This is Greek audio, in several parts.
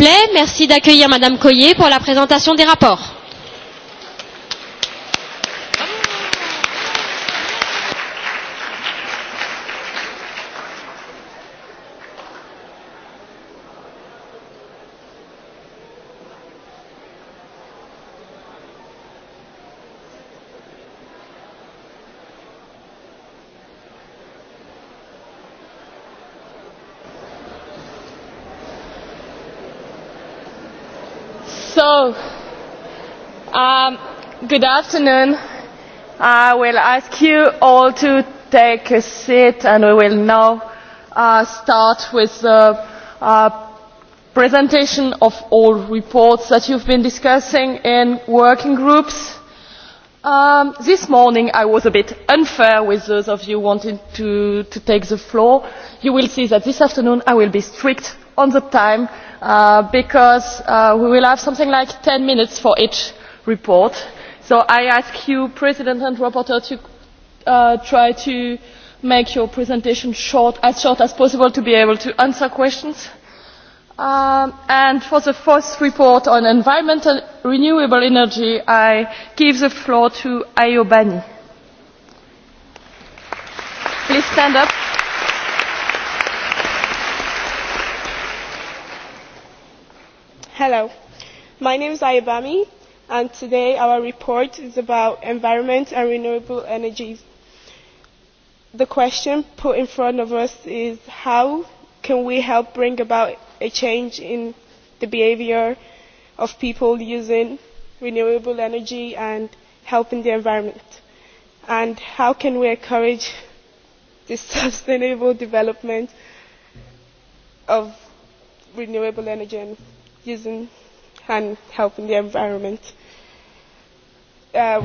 plaît, merci d'accueillir Madame Collier pour la présentation des rapports. Good afternoon. I will ask you all to take a seat and we will now start with the presentation of all reports that you've been discussing in working groups. This morning I was a bit unfair with those of you wanting to take the floor. You will see that this afternoon I will be strict on the time because we will have something like 10 minutes for each report So I ask you, President and Rapporteur, to try to make your presentation short, as short as possible, to be able to answer questions. And for the first report on environmental renewable energy, I give the floor to Ayobami. Please stand up. Hello, my name is Ayobami and today our report is about environment and renewable energies. The question put in front of us is how can we help bring about a change in the behaviour of people using renewable energy and helping the environment? And how can we encourage the sustainable development of renewable energy and using and helping the environment?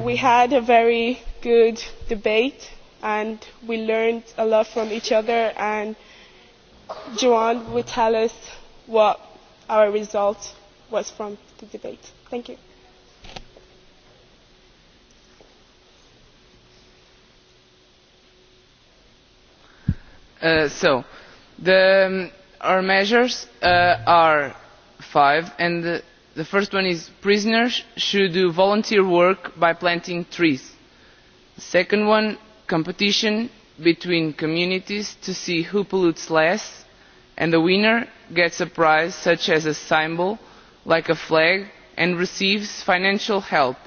we had a very good debate and we learned a lot from each other and Joanne will tell us what our result was from the debate. Thank you. So, our measures are five and The first one is prisoners should do volunteer work by planting trees. The second one, competition between communities to see who pollutes less, and the winner gets a prize such as a symbol, like a flag, and receives financial help.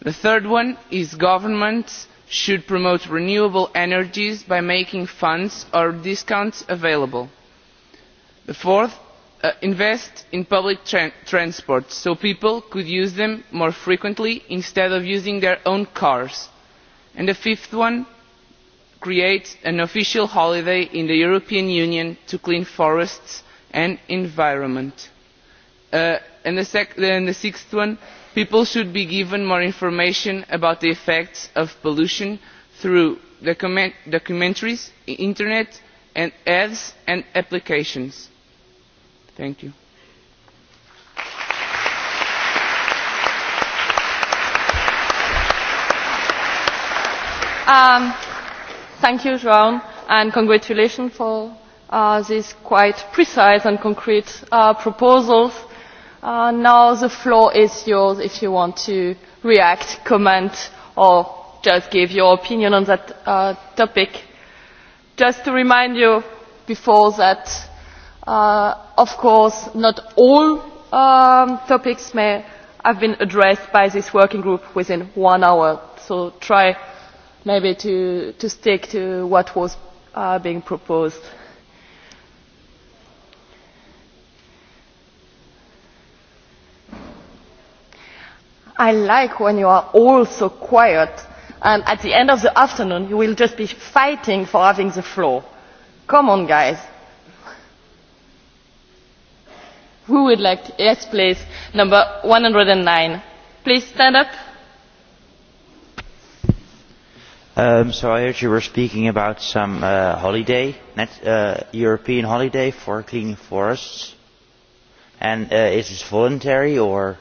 The third one is governments should promote renewable energies by making funds or discounts available. The fourth invest in public transport so people could use them more frequently instead of using their own cars. and the fifth one create an official holiday in the european union to clean forests and environment. and the sixth one people should be given more information about the effects of pollution through documentaries internet ads and applications. Thank you. Um, thank you, Joan, and congratulations for uh, these quite precise and concrete proposals. now the floor is yours if you want to react, comment, or just give your opinion on that topic. Just to remind you before that Of course, not all topics may have been addressed by this working group within one hour, so try maybe to stick to what was being proposed. I like when you are all so quiet and at the end of the afternoon you will just be fighting for having the floor. Come on, guys. Who would like to? Yes, please. Number 109. Please stand up. Um, so I heard you were speaking about some uh, holiday, net, uh, European holiday for cleaning forests. And uh, is this voluntary or?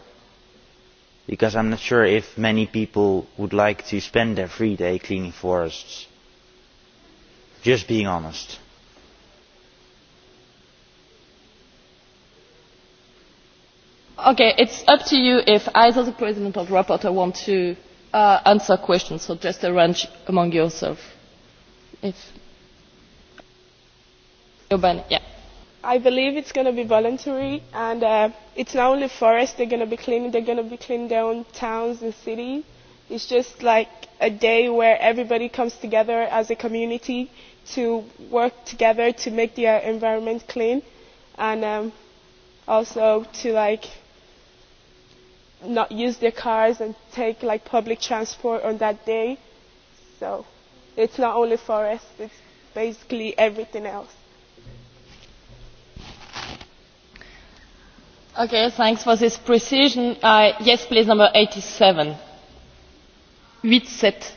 Because I'm not sure if many people would like to spend their free day cleaning forests. Just being honest. Okay, it's up to you if either the President or the Rapporteur want to answer questions, so just arrange among yourself. If yeah. I believe it's going to be voluntary, and it's not only forests they're going to be cleaning, they're going to be cleaning their own towns and cities. It's just like a day where everybody comes together as a community to work together to make their environment clean, and also to like not use their cars and take like public transport on that day. So it's not only for us, it's basically everything else. Okay, thanks for this precision. yes, please, number 87. 87.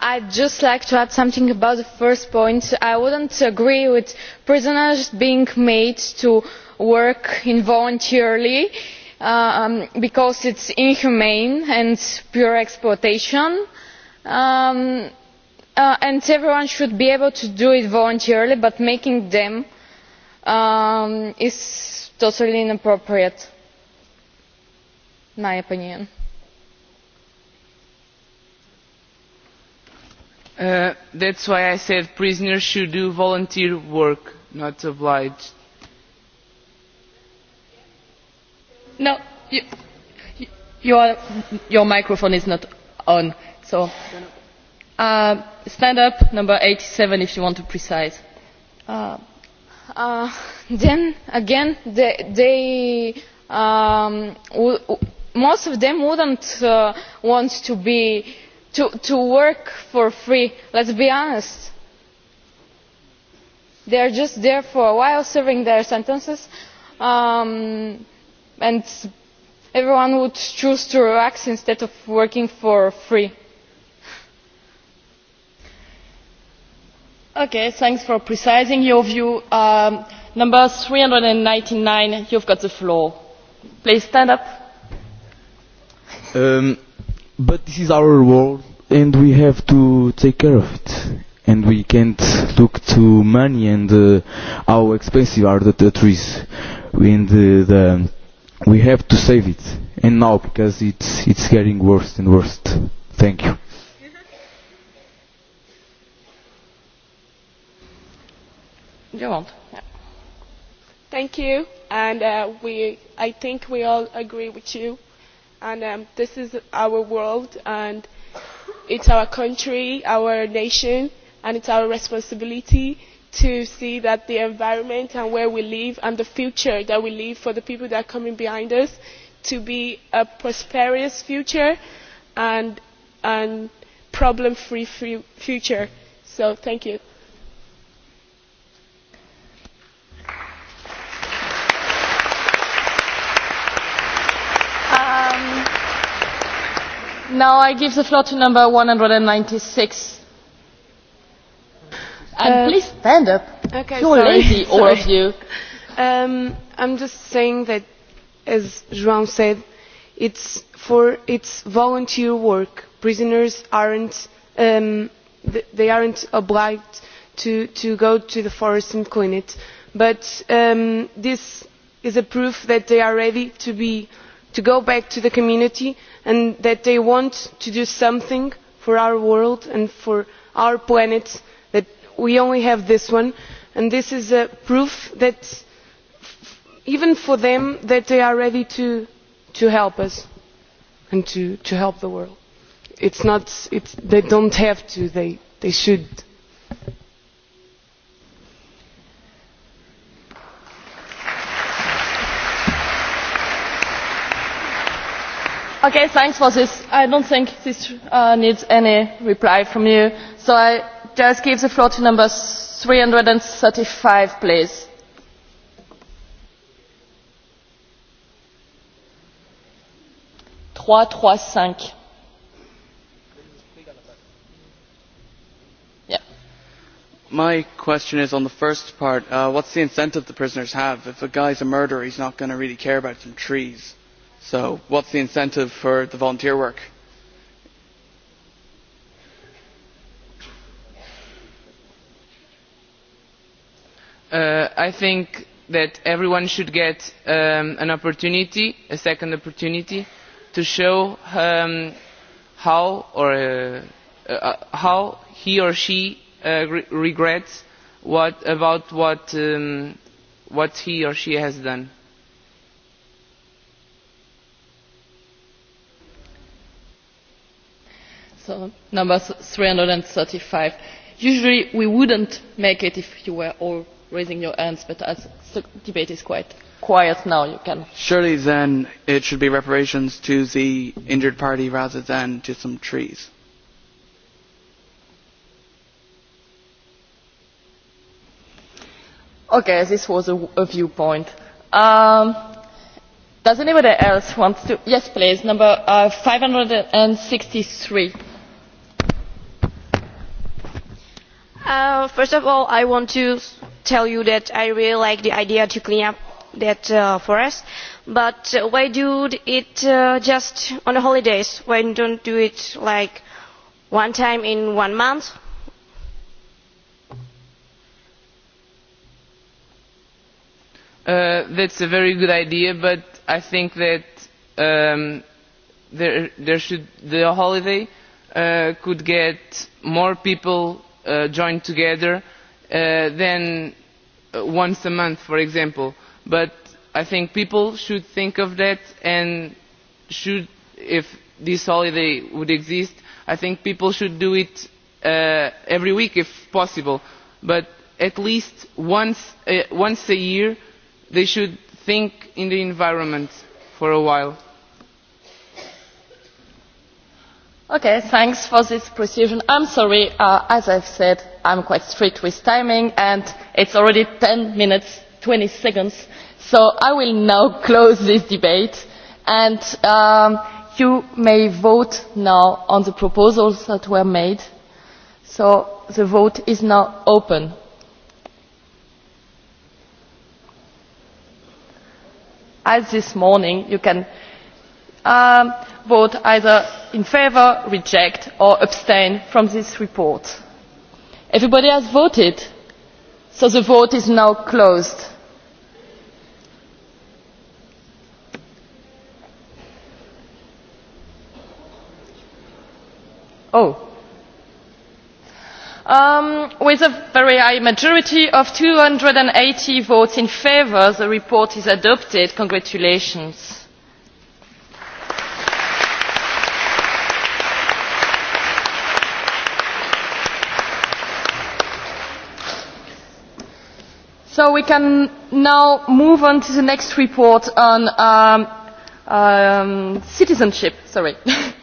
I'd just like to add something about the first point. I wouldn't agree with prisoners being made to work involuntarily because is inhumane and pure exploitation and everyone should be able to do it voluntarily but making them is totally inappropriate my opinion. That's why I said prisoners should do volunteer work, not obliged No, your microphone is not on. So, stand up, number 87, if you want to precise. Then again, most of them wouldn't want to be to work for free. Let's be honest. They are just there for a while, serving their sentences and everyone would choose to relax instead of working for free. Okay, thanks for precising your view. Um, number nine, you've got the floor. Please stand up. Um, but this is our world and we have to take care of it. And we can't look to money and uh, how expensive are the, the trees. And the we have to save it and now because it's it's getting worse and worse thank you thank you and we i think we all agree with you and this is our world and it's our country our nation and it's our responsibility to see that the environment and where we live and the future that we leave for the people that are coming behind us to be a prosperous future and a problem free future. So thank you. Now I give the floor to number 196. And please stand up. Okay, You're lazy, all of you. Um, I'm just saying that, as João said, it's for it's volunteer work. Prisoners aren't um, they aren't obliged to to go to the forest and clean it, but um, this is a proof that they are ready to be to go back to the community and that they want to do something for our world and for our planet we only have this one and this is a proof that even for them that they are ready to help us and to help the world. It's not they don't have to, they they should. Okay, thanks for this. I don't think this needs any reply from you. So I just give the floor to number 335, please. my question is on the first part what's the incentive the prisoners have if a guy's a murderer he's not going to really care about some trees so what's the incentive for the volunteer work? I think that everyone should get an opportunity, a second opportunity, to show how or how he or she regrets what about what what he or she has done. So number 335. Usually we wouldn't make it if you were all raising your hands, but as the debate is quite quiet now, you can. Surely then it should be reparations to the injured party rather than to some trees. Okay, this was a viewpoint. Does anybody else want to? Yes, please. Number 563. First of all, I want to tell you that I really like the idea to clean up that forest, but why do it just on the holidays? Why don't do it like one time in one month? That's a very good idea, but I think that there there should the holiday could get more people joined together than once a month for example but i think people should think of that and should if this holiday would exist i think people should do it every week if possible but at least once once a year they should think in the environment for a while okay thanks for this precision i'm sorry as i've said I am quite strict with timing and it's already 10 minutes 20 seconds. So I will now close this debate and you may vote now on the proposals that were made. So the vote is now open. As this morning, you can vote either in favour, reject or abstain from this report. Everybody has voted, so the vote is now closed. Oh. With a very high majority of 280 votes in favour, the report is adopted. Congratulations. So we can now move on to the next report on citizenship. Sorry.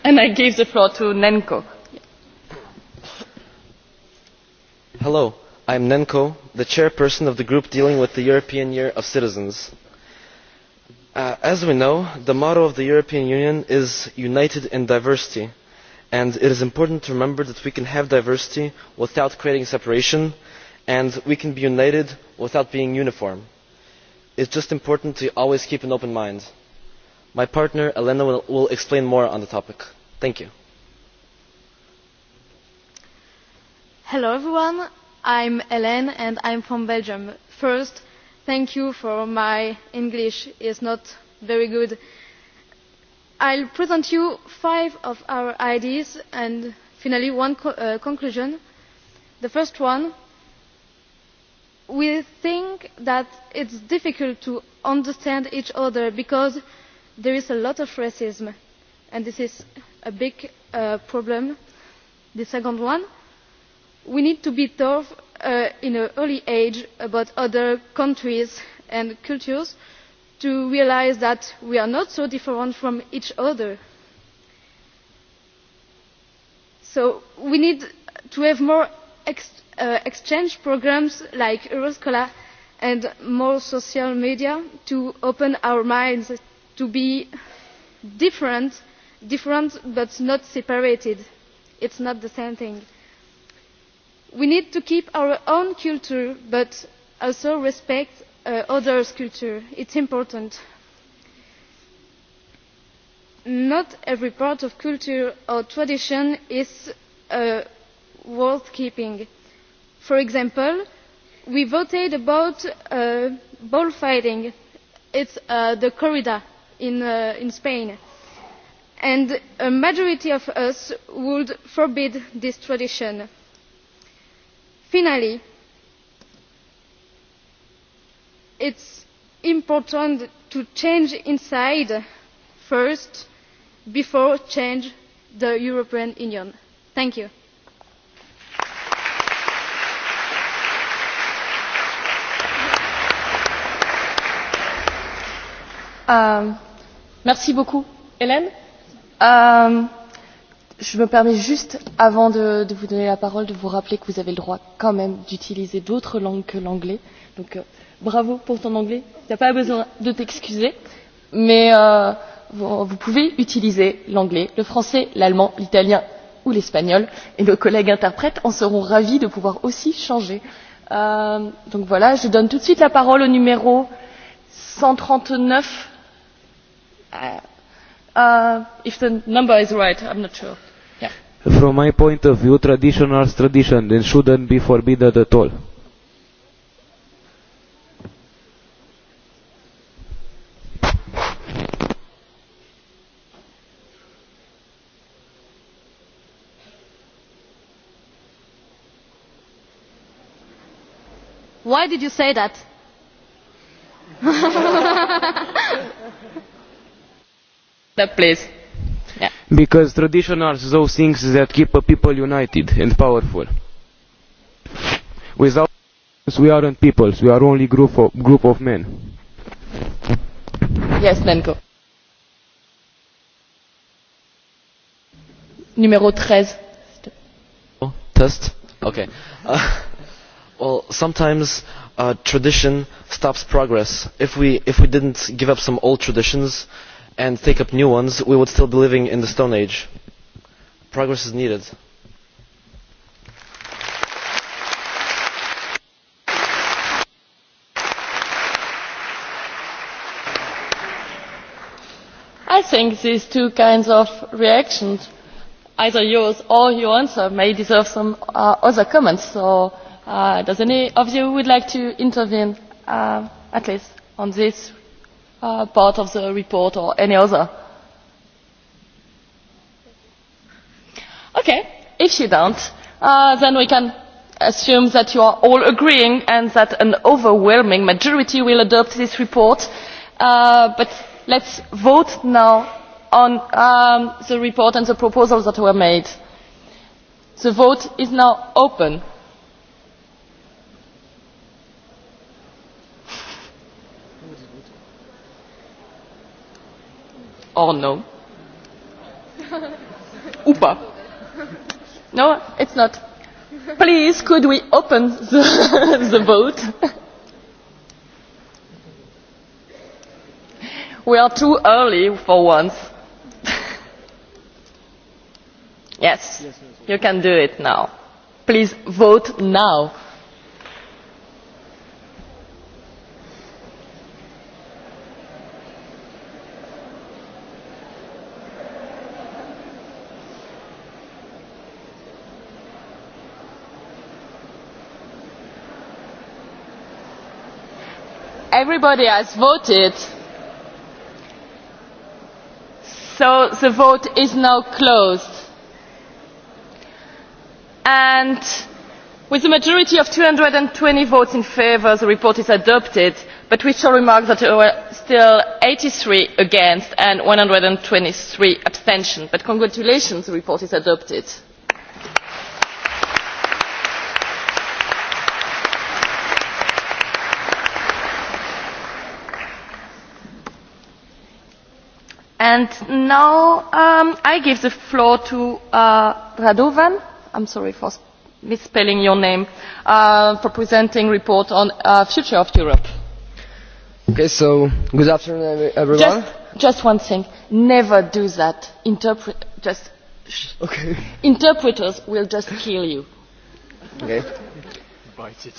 And I give the floor to Nenko. Hello, I am Nenko, the chairperson of the group dealing with the European Year of Citizens. As we know, the motto of the European Union is united in diversity, and it is important to remember that we can have diversity without creating separation and we can be united without being uniform. it is just important to always keep an open mind. my partner elena will explain more on the topic. thank you. hello everyone. i'm elena and I am from belgium. first thank you for my english is not very good. I will present you five of our ideas and finally one conclusion. the first one we think that is difficult to understand each other because there is a lot of racism and this is a big problem. The second one, we need to be tough in an early age about other countries and cultures to realise that we are not so different from each other. So we need to have more exchange programmes like euroscola and more social media to open our minds to be different different but not separated it's not the same thing we need to keep our own culture but also respect others' culture it's important not every part of culture or tradition is worth keeping. For example, we voted about bullfighting. It's the corrida in Spain. And a majority of us would forbid this tradition. Finally, it's important to change inside first before change the European Union. Thank you. Merci beaucoup, Hélène. Je me permets juste, avant de vous donner la parole, de vous rappeler que vous avez le droit quand même d'utiliser d'autres langues que l'anglais. Donc, bravo pour ton anglais. il n'y a pas besoin de t'excuser. Mais vous pouvez utiliser l'anglais, le français, l'allemand, l'italien ou l'espagnol. Et nos collègues interprètes en seront ravis de pouvoir aussi changer. Donc voilà, je donne tout de suite la parole au numéro 139 If the number is right, I'm not sure. From my point of view, tradition is tradition and shouldn't be forbidden at all. Why did you say that? Because tradition are those things that keep a people united and powerful. Without we aren't peoples, we are only group of, group of men. Yes, Nenko. Numéro 13. Test? Okay. well, sometimes uh, tradition stops progress. If we, if we didn't give up some old traditions, and take up new ones, we would still be living in the Stone Age. Progress is needed. I think these two kinds of reactions, either yours or your answer, may deserve some other comments. So does any of you would like to intervene, at least, on this part of the report or any other? Okay, if you don't, then we can assume that you are all agreeing and that an overwhelming majority will adopt this report. But let's vote now on the report and the proposals that were made. The vote is now open. or no? Upa. No, it's not. Please, could we open the, the vote? We are too early for once. Yes, you can do it now. Please vote now. everybody has voted. So the vote is now closed. And with a majority of 220 votes in favour, the report is adopted. But we shall remark that there were still 83 against and 123 abstention. But congratulations, the report is adopted. And now I give the floor to Radovan, I'm sorry for misspelling your name, for presenting report on future of Europe. Okay, so good afternoon, everyone. Just one thing, never do that. just. Interpreters will just kill you. Okay. Bite it.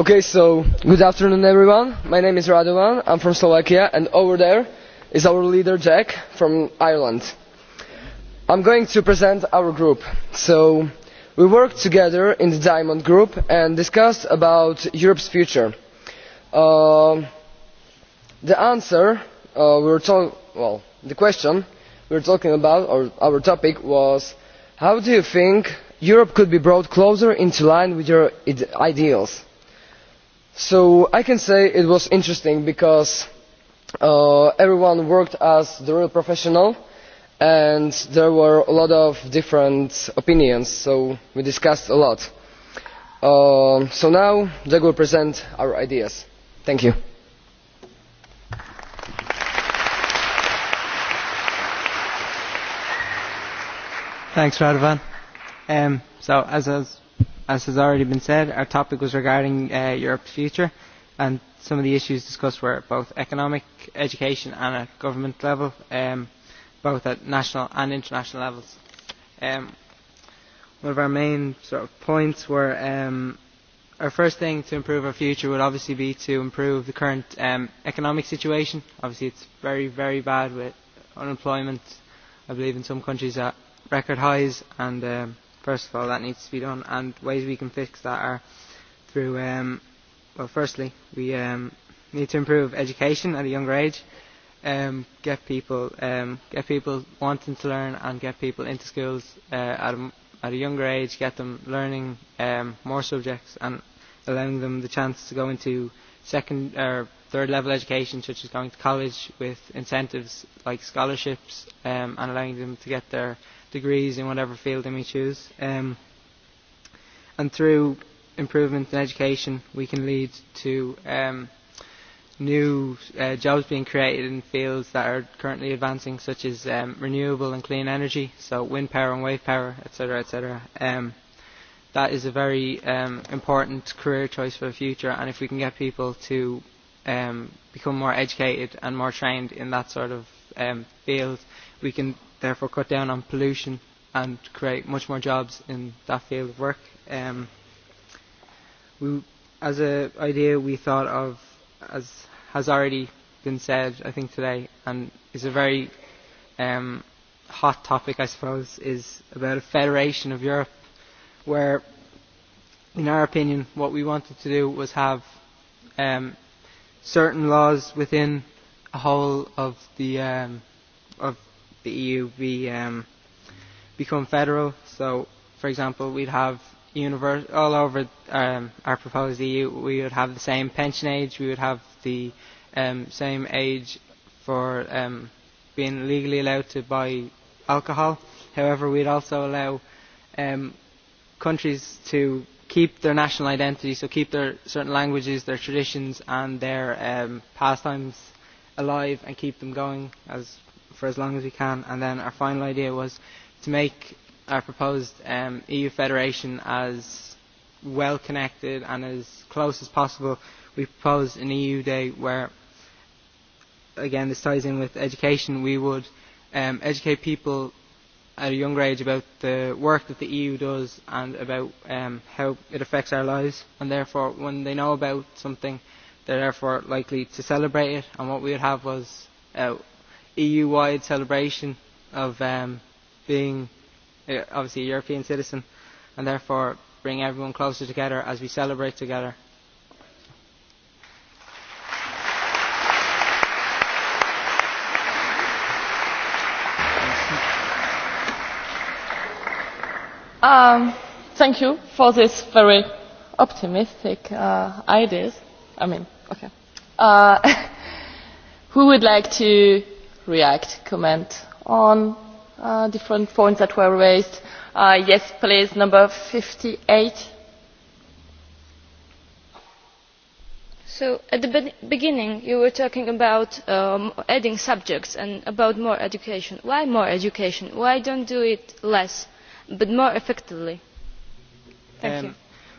Okay, so good afternoon everyone. My name is Radovan, I'm from Slovakia and over there is our leader Jack from Ireland. I'm going to present our group. So we worked together in the Diamond Group and discussed about Europe's future. The answer we were well the question we were talking about or our topic was how do you think Europe could be brought closer into line with your ideals? so i can say it was interesting because everyone worked as the real professional and there were a lot of different opinions so we discussed a lot. so now they will present our ideas. thank you. thanks radovan. so as as has already been said, our topic was regarding Europe's future, and some of the issues discussed were both economic, education, and at government level, both at national and international levels. One of our main sort of points were our first thing to improve our future would obviously be to improve the current economic situation. Obviously, it's very, very bad with unemployment. I believe in some countries at record highs and first of all that needs to be done and ways we can fix that are through um well firstly we um need to improve education at a younger age um get people um get people wanting to learn and get people into schools at a at a younger age get them learning um more subjects and allowing them the chance to go into second or third level education such as going to college with incentives like scholarships um and allowing them to get their degrees in whatever field they may choose. and through improvement in education, we can lead to um, new uh, jobs being created in fields that are currently advancing, such as um, renewable and clean energy, so wind power and wave power, etc., etc. that is a very um, important career choice for the future, and if we can get people to um, become more educated and more trained in that sort of um, field, we can therefore cut down on pollution and create much more jobs in that field of work. We, As an idea we thought of, as has already been said I think today, and is a very hot topic I suppose, is about a federation of Europe where in our opinion what we wanted to do was have certain laws within a whole of the of the EU be um become federal. So, for example, we'd have all over our proposed EU, we would have the same pension age, we would have the same age for being legally allowed to buy alcohol. However, we'd also allow countries to keep their national identity, so keep their certain languages, their traditions and their pastimes alive and keep them going as for as long as we can. And then our final idea was to make our proposed EU federation as well connected and as close as possible. We proposed an EU day where, again, this ties in with education. We would educate people at a younger age about the work that the EU does and about how it affects our lives. And therefore, when they know about something, they're therefore likely to celebrate it. And what we would have was EU-wide celebration of being obviously a European citizen and therefore bring everyone closer together as we celebrate together. Thank you for this very optimistic ideas. I mean, okay. Who would like to react, comment on different points that were raised. Yes, please, number 58. So at the beginning you were talking about adding subjects and about more education. Why more education? Why don't do it less, but more effectively? Thank you.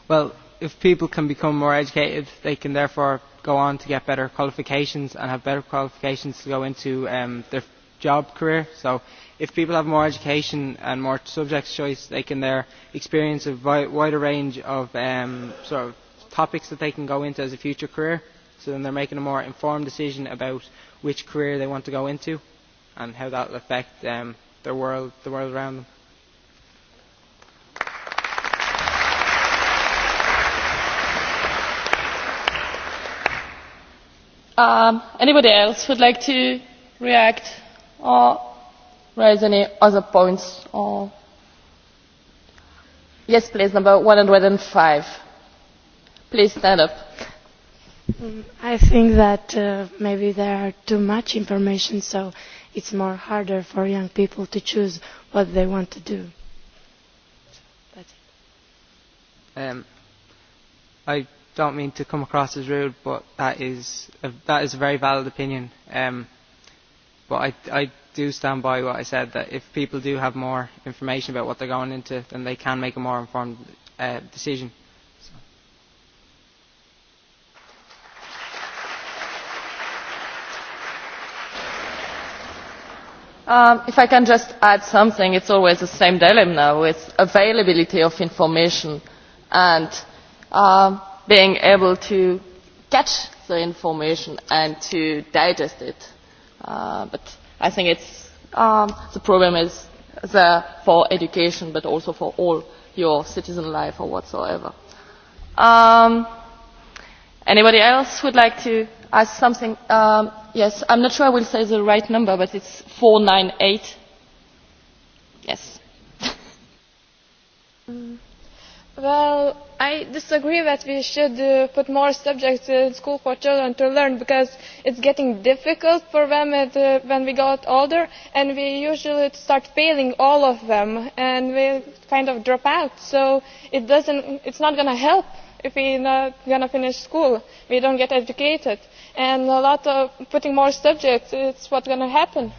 Well if people can become more educated, they can therefore go on to get better qualifications and have better qualifications to go into their job career. So if people have more education and more subject choice, they can there experience a wider range of sort of topics that they can go into as a future career. So then they're making a more informed decision about which career they want to go into and how that will affect their world, the world around them. Anybody else would like to react or raise any other points? Or yes, please, number 105. Please stand up. I think that maybe there are too much information, so it's more harder for young people to choose what they want to do. That's it. I don't mean to come across as rude, but that is a, that is a very valid opinion. Um, but I, I do stand by what I said, that if people do have more information about what they're going into, then they can make a more informed uh, decision. If I can just add something, it's always the same dilemma with availability of information and being able to catch the information and to digest it. But I think it's the problem is there for education, but also for all your citizen life or whatsoever. Anybody else would like to ask something? Yes, I'm not sure I will say the right number, but it's 498. Yes. Well. I disagree that we should put more subjects in school for children to learn because it's getting difficult for them when we get older and we usually start failing all of them and we kind of drop out. So it doesn't, it's not going to help if we're not going to finish school. We don't get educated. And a lot of putting more subjects, is what's going to happen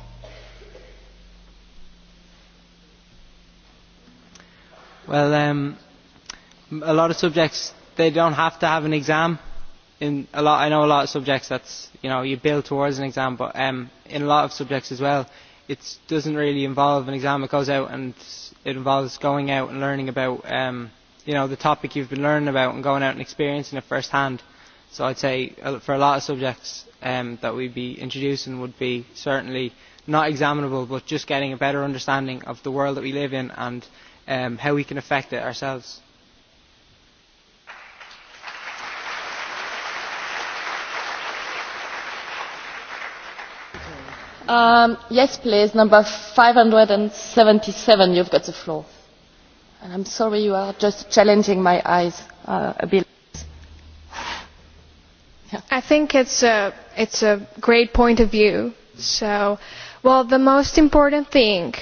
a lot of subjects they don't have to have an exam. In a lot, I know a lot of subjects that's you know you build towards an exam, but um, in a lot of subjects as well, it doesn't really involve an exam. It goes out and it involves going out and learning about um, you know the topic you've been learning about and going out and experiencing it first hand. So I'd say for a lot of subjects um, that we'd be introducing would be certainly not examinable, but just getting a better understanding of the world that we live in and um, how we can affect it ourselves. Yes, please. Number 577, you've got the floor. And I'm sorry, you are just challenging my eyes a bit. I think it's a it's a great point of view. So, well, the most important thing,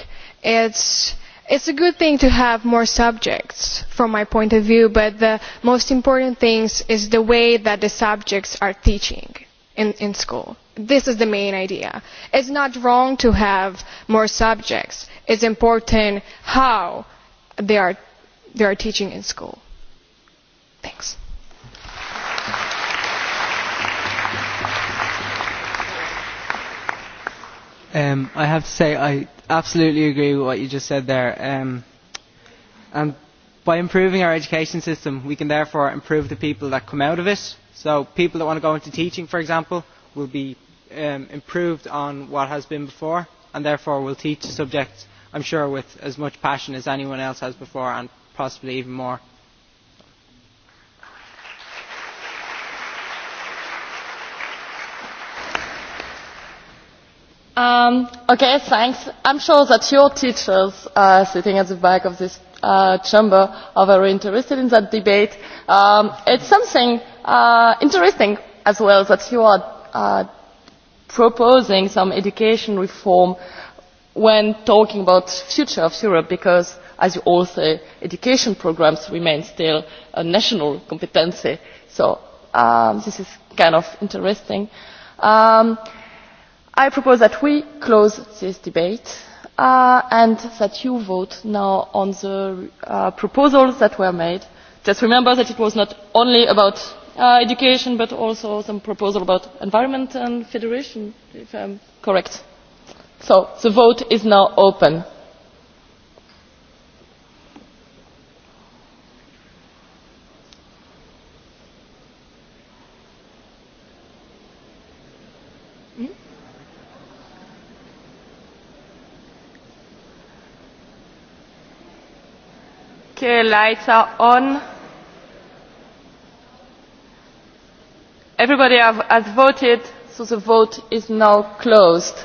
it's it's a good thing to have more subjects from my point of view. But the most important thing is the way that the subjects are teaching in school this is the main idea. It is not wrong to have more subjects. It is important how they are they teaching in school. Thanks. Um, I have to say I absolutely agree with what you just said there. Um, and by improving our education system, we can therefore improve the people that come out of it. So people that want to go into teaching, for example, will be improved on what has been before and therefore will teach the subject I'm sure with as much passion as anyone else has before and possibly even more. Um Okay, thanks. I'm sure that your teachers sitting at the back of this chamber are very interested in that debate. It's something interesting as well that you are proposing some education reform when talking about the future of Europe because, as you all say, education programmes remain still a national competency So this is kind of interesting. I propose that we close this debate and that you vote now on the proposals that were made. Just remember that it was not only about education but also some proposal about environment and federation if I'm correct. So the vote is now open. lights are on. Everybody has voted, so the vote is now closed.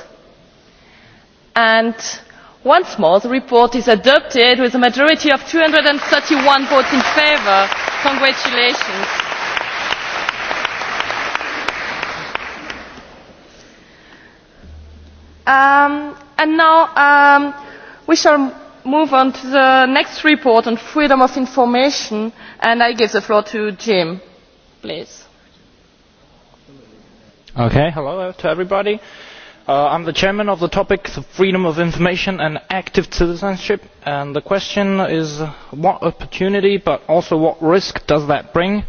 And once more, the report is adopted with a majority of 231 votes in favour. Congratulations. And now we shall move on to the next report on freedom of information, and I give the floor to Jim, please. Okay, hello to everybody. I'm the chairman of the topic Freedom of Information and Active Citizenship, and the question is what opportunity but also what risk does that bring?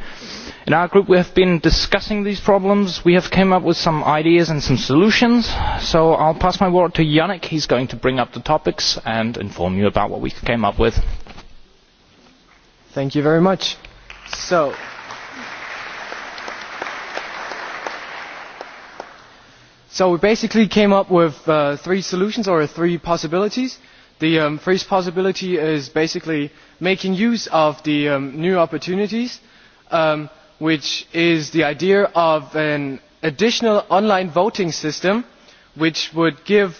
In our group we have been discussing these problems, we have come up with some ideas and some solutions, so I'll pass my word to Yannick, he's going to bring up the topics and inform you about what we came up with. Thank you very much. So So we basically came up with three solutions or three possibilities. The first possibility is basically making use of the new opportunities, which is the idea of an additional online voting system which would give,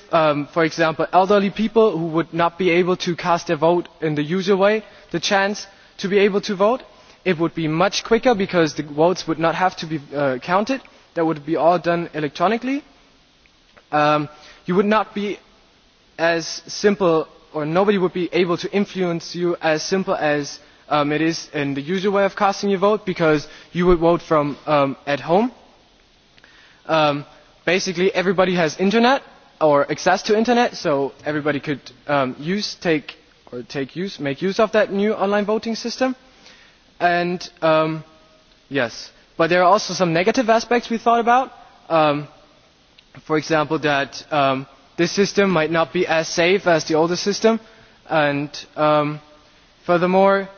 for example, elderly people who would not be able to cast their vote in the usual way the chance to be able to vote. It would be much quicker because the votes would not have to be counted. That would be all done electronically you would not be as simple or nobody would be able to influence you as simple as it is in the usual way of casting your vote because you would vote from at home. Basically everybody has internet or access to internet so everybody could use take or take use make use of that new online voting system. And yes. But there are also some negative aspects we thought about for example, that this system might not be as safe as the older system, and furthermore,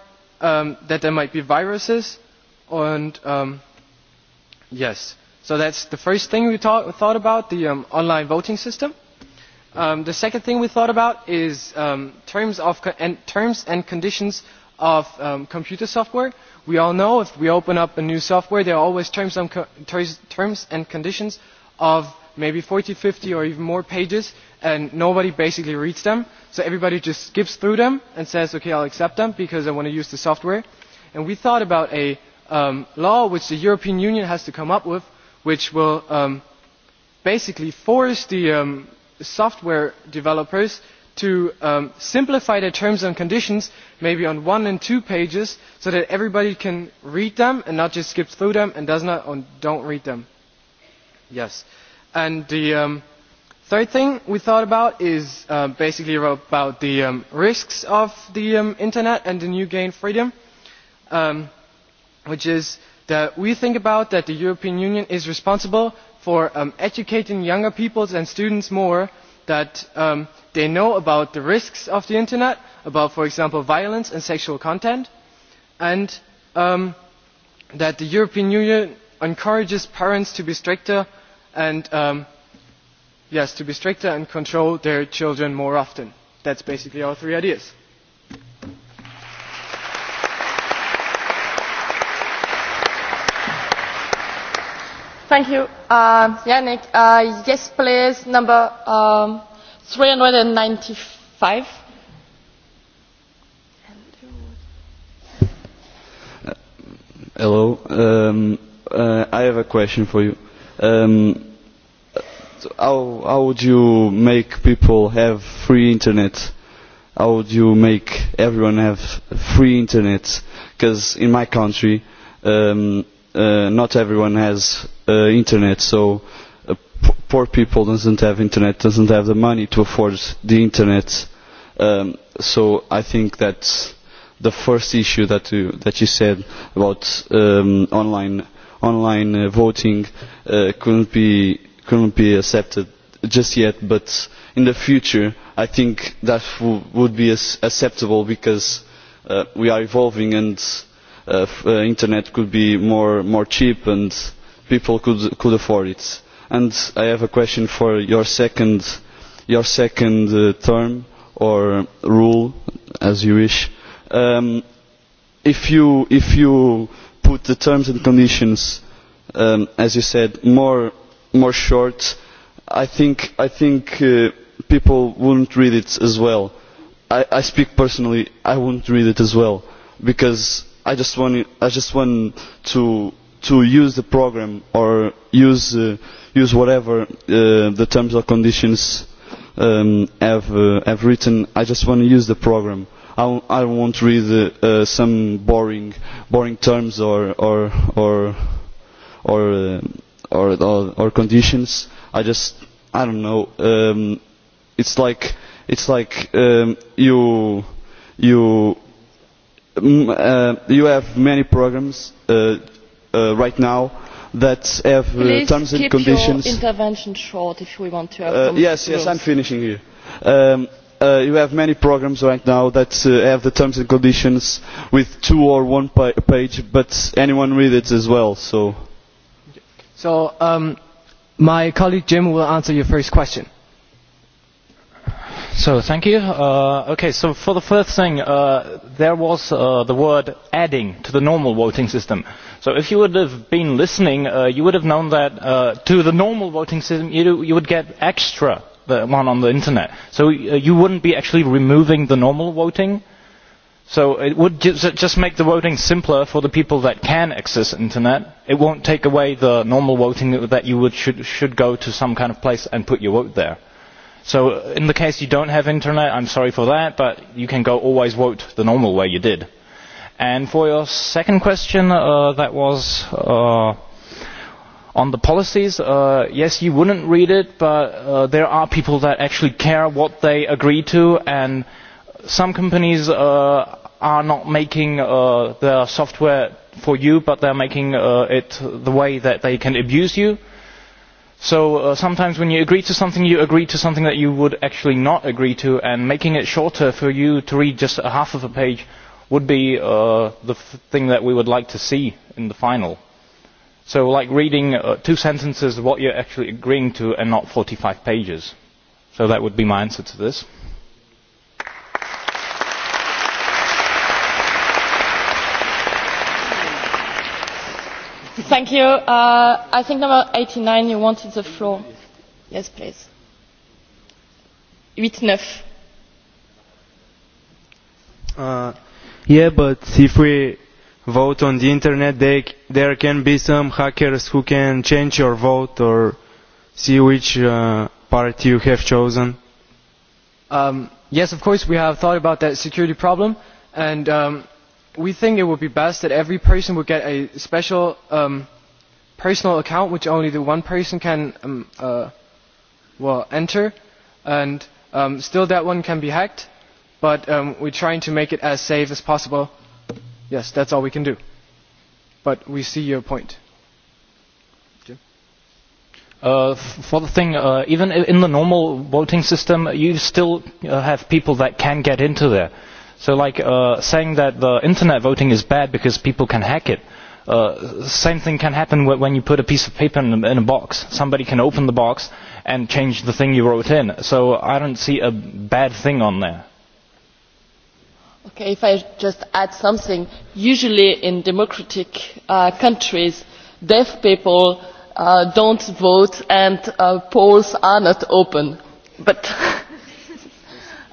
that there might be viruses, and yes. So that's the first thing we thought about, the online voting system. the second thing we thought about is um, terms, of and terms and conditions of computer software. We all know if we open up a new software, there are always terms terms and conditions of maybe 40, 50 or even more pages, and nobody basically reads them. So everybody just skips through them and says, okay, I'll accept them because I want to use the software. And we thought about a law which the European Union has to come up with, which will basically force the software developers to simplify their terms and conditions, maybe on one and two pages, so that everybody can read them and not just skip through them and does not don't read them. Yes. And the third thing we thought about is basically about the risks of the internet and the new gain freedom, which is that we think about that the European Union is responsible for educating younger people and students more that they know about the risks of the internet, about, for example, violence and sexual content, and that the European Union encourages parents to be stricter and yes to be stricter and control their children more often. That's basically our three ideas. Thank you, Yannick. Yes, please, number 395. Hello. I have a question for you Um How would you make people have free internet? How would you make everyone have free internet? Because in my country, um not everyone has internet, so poor people doesn't have internet, doesn't have the money to afford the internet. Um So I think that the first issue that you that you said about online online voting couldn't be be accepted just yet but in the future i think that would be acceptable because we are evolving and the internet could be more cheap and people could afford it and i have a question for your second your second term or rule as you wish if you if you put the terms and conditions, as you said, more more short, I think I think people wouldn't read it as well. I speak personally, I wouldn't read it as well because I just want I just want to to use the program or use use whatever the terms or conditions have have written. I just want to use the program I won't read some boring boring terms or or or or or conditions. I just I don't know. It's like it's like you you you have many programs right now that have terms and conditions. Please keep your intervention short if we want to. Yes, yes, I'm finishing here you have many programmes right now that have the terms and conditions with two or one page, but anyone read it as well. So, so my colleague Jim will answer your first question. So, thank you. Okay, so for the first thing, there was the word adding to the normal voting system. So if you would have been listening, you would have known that to the normal voting system, you would get extra the one on the internet. So you wouldn't be actually removing the normal voting. So it would just make the voting simpler for the people that can access internet. It won't take away the normal voting that you would should go to some kind of place and put your vote there. So in the case you don't have internet, I'm sorry for that, but you can go always vote the normal way you did. And for your second question, that was On the policies, yes, you wouldn't read it, but there are people that actually care what they agree to, and some companies are not making their software for you, but they're making it the way that they can abuse you. So sometimes when you agree to something, you agree to something that you would actually not agree to, and making it shorter for you to read just a half of a page would be the thing that we would like to see in the final so like reading two sentences of what you're actually agreeing to and not 45 pages. So that would be my answer to this. Thank you. I think number 89, you wanted the floor. Yes, please. 8-9. Yeah, but if we vote on the internet, they, there can be some hackers who can change your vote or see which uh, party you have chosen? Um, yes, of course, we have thought about that security problem, and um, we think it would be best that every person would get a special um, personal account, which only the one person can um, uh, well enter, and um, still that one can be hacked, but um, we're trying to make it as safe as possible yes, that's all we can do. But we see your point. For the thing, even in the normal voting system, you still have people that can get into there. So, like saying that the internet voting is bad because people can hack it. Same thing can happen when you put a piece of paper in a box. Somebody can open the box and change the thing you wrote in. So I don't see a bad thing on there. Okay, if I just add something, usually in democratic countries, deaf people don't vote and polls are not open. But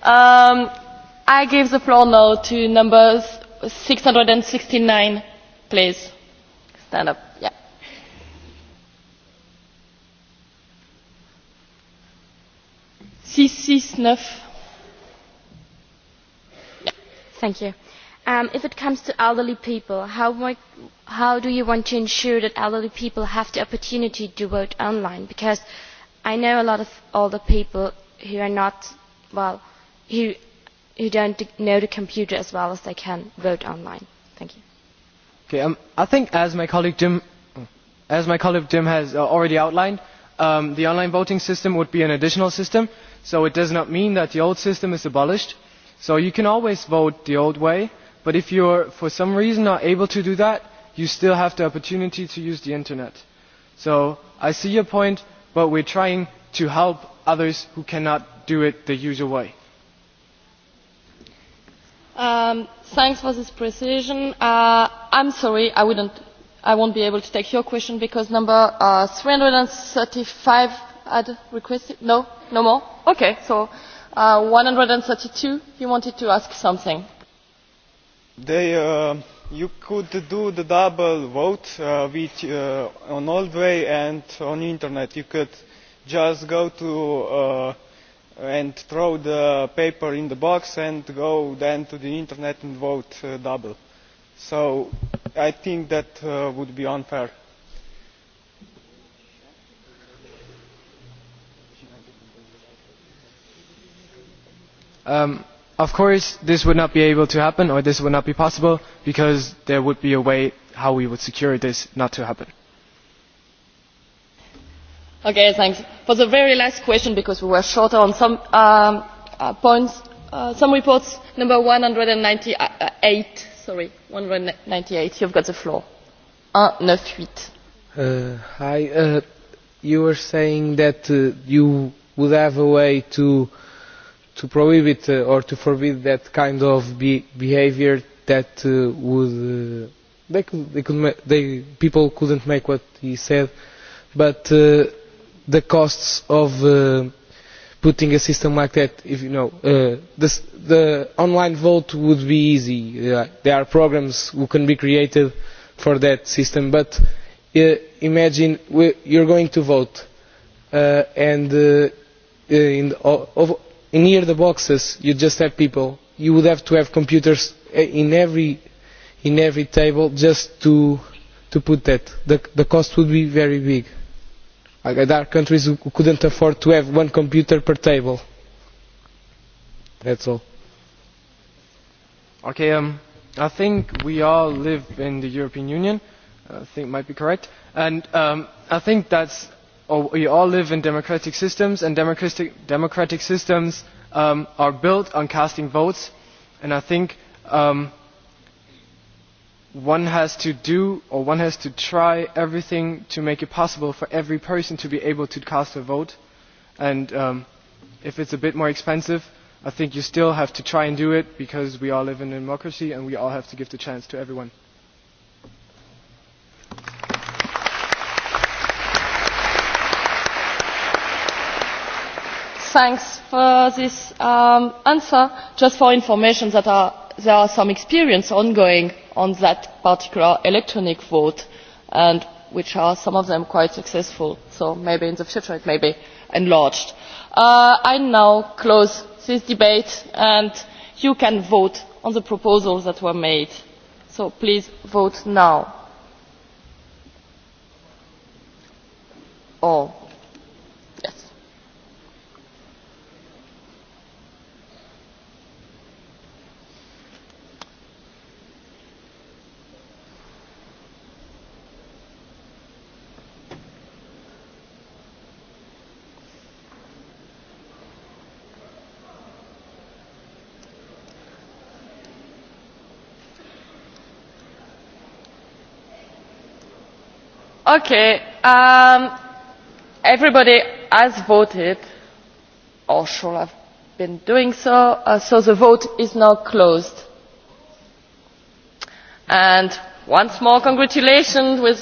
I give the floor now to number 669, please. Stand up. Yeah. please. Thank you. If it comes to elderly people, how do you want to ensure that elderly people have the opportunity to vote online? Because I know a lot of older people who are not, well, who who don't know the computer as well as they can vote online. Thank you. Okay, I think as my colleague Jim, as my colleague Jim has already outlined, the online voting system would be an additional system, so it does not mean that the old system is abolished So you can always vote the old way, but if you're for some reason not able to do that, you still have the opportunity to use the internet. So I see your point, but we're trying to help others who cannot do it the usual way. Um, thanks for this precision. Uh, I'm sorry, I, wouldn't, I won't be able to take your question because number uh, 335 had requested. No, no more? Okay, so 132, you wanted to ask something. you could do the double vote with, on old way and on internet. You could just go to and throw the paper in the box and go then to the internet and vote double. So I think that would be unfair. Of course, this would not be able to happen, or this would not be possible, because there would be a way how we would secure this not to happen. Okay, thanks. For the very last question, because we were shorter on some points, some reports, number 198, sorry, 198, you've got the floor. 198. Hi, you were saying that you would have a way to to prohibit or to forbid that kind of behavior that would they they people couldn't make what he said but the costs of putting a system like that if you know the online vote would be easy there are programs who can be created for that system but imagine you're going to vote and in near the boxes you just have people you would have to have computers in every in every table just to to put that the the cost would be very big there are countries who couldn't afford to have one computer per table that's all okay um i think we all live in the european union i think might be correct and um i think that's we all live in democratic systems and democratic democratic systems are built on casting votes and i think one has to do or one has to try everything to make it possible for every person to be able to cast a vote and if it's a bit more expensive i think you still have to try and do it because we all live in a democracy and we all have to give the chance to everyone. thanks for this answer. Just for information that there are some experience ongoing on that particular electronic vote and which are some of them quite successful, so maybe in the future it may be enlarged. I now close this debate and you can vote on the proposals that were made. So please vote now. All. Okay. everybody has voted, or should have been doing so, so the vote is now closed. And once more, congratulations with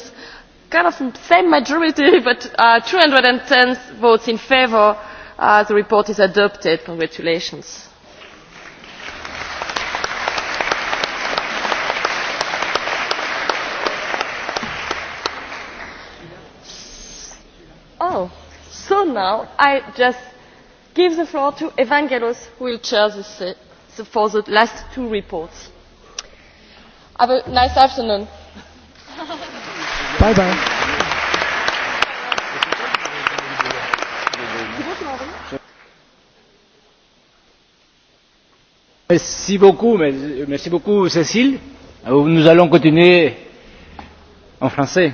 kind of the same majority, but uh, 210 votes in favour. the report is adopted. Congratulations. So now I just give the floor to Evangelos, who will chair the for the last two reports. Have a nice afternoon. Bye bye. Merci beaucoup, merci beaucoup Cécile. Nous allons continuer en français.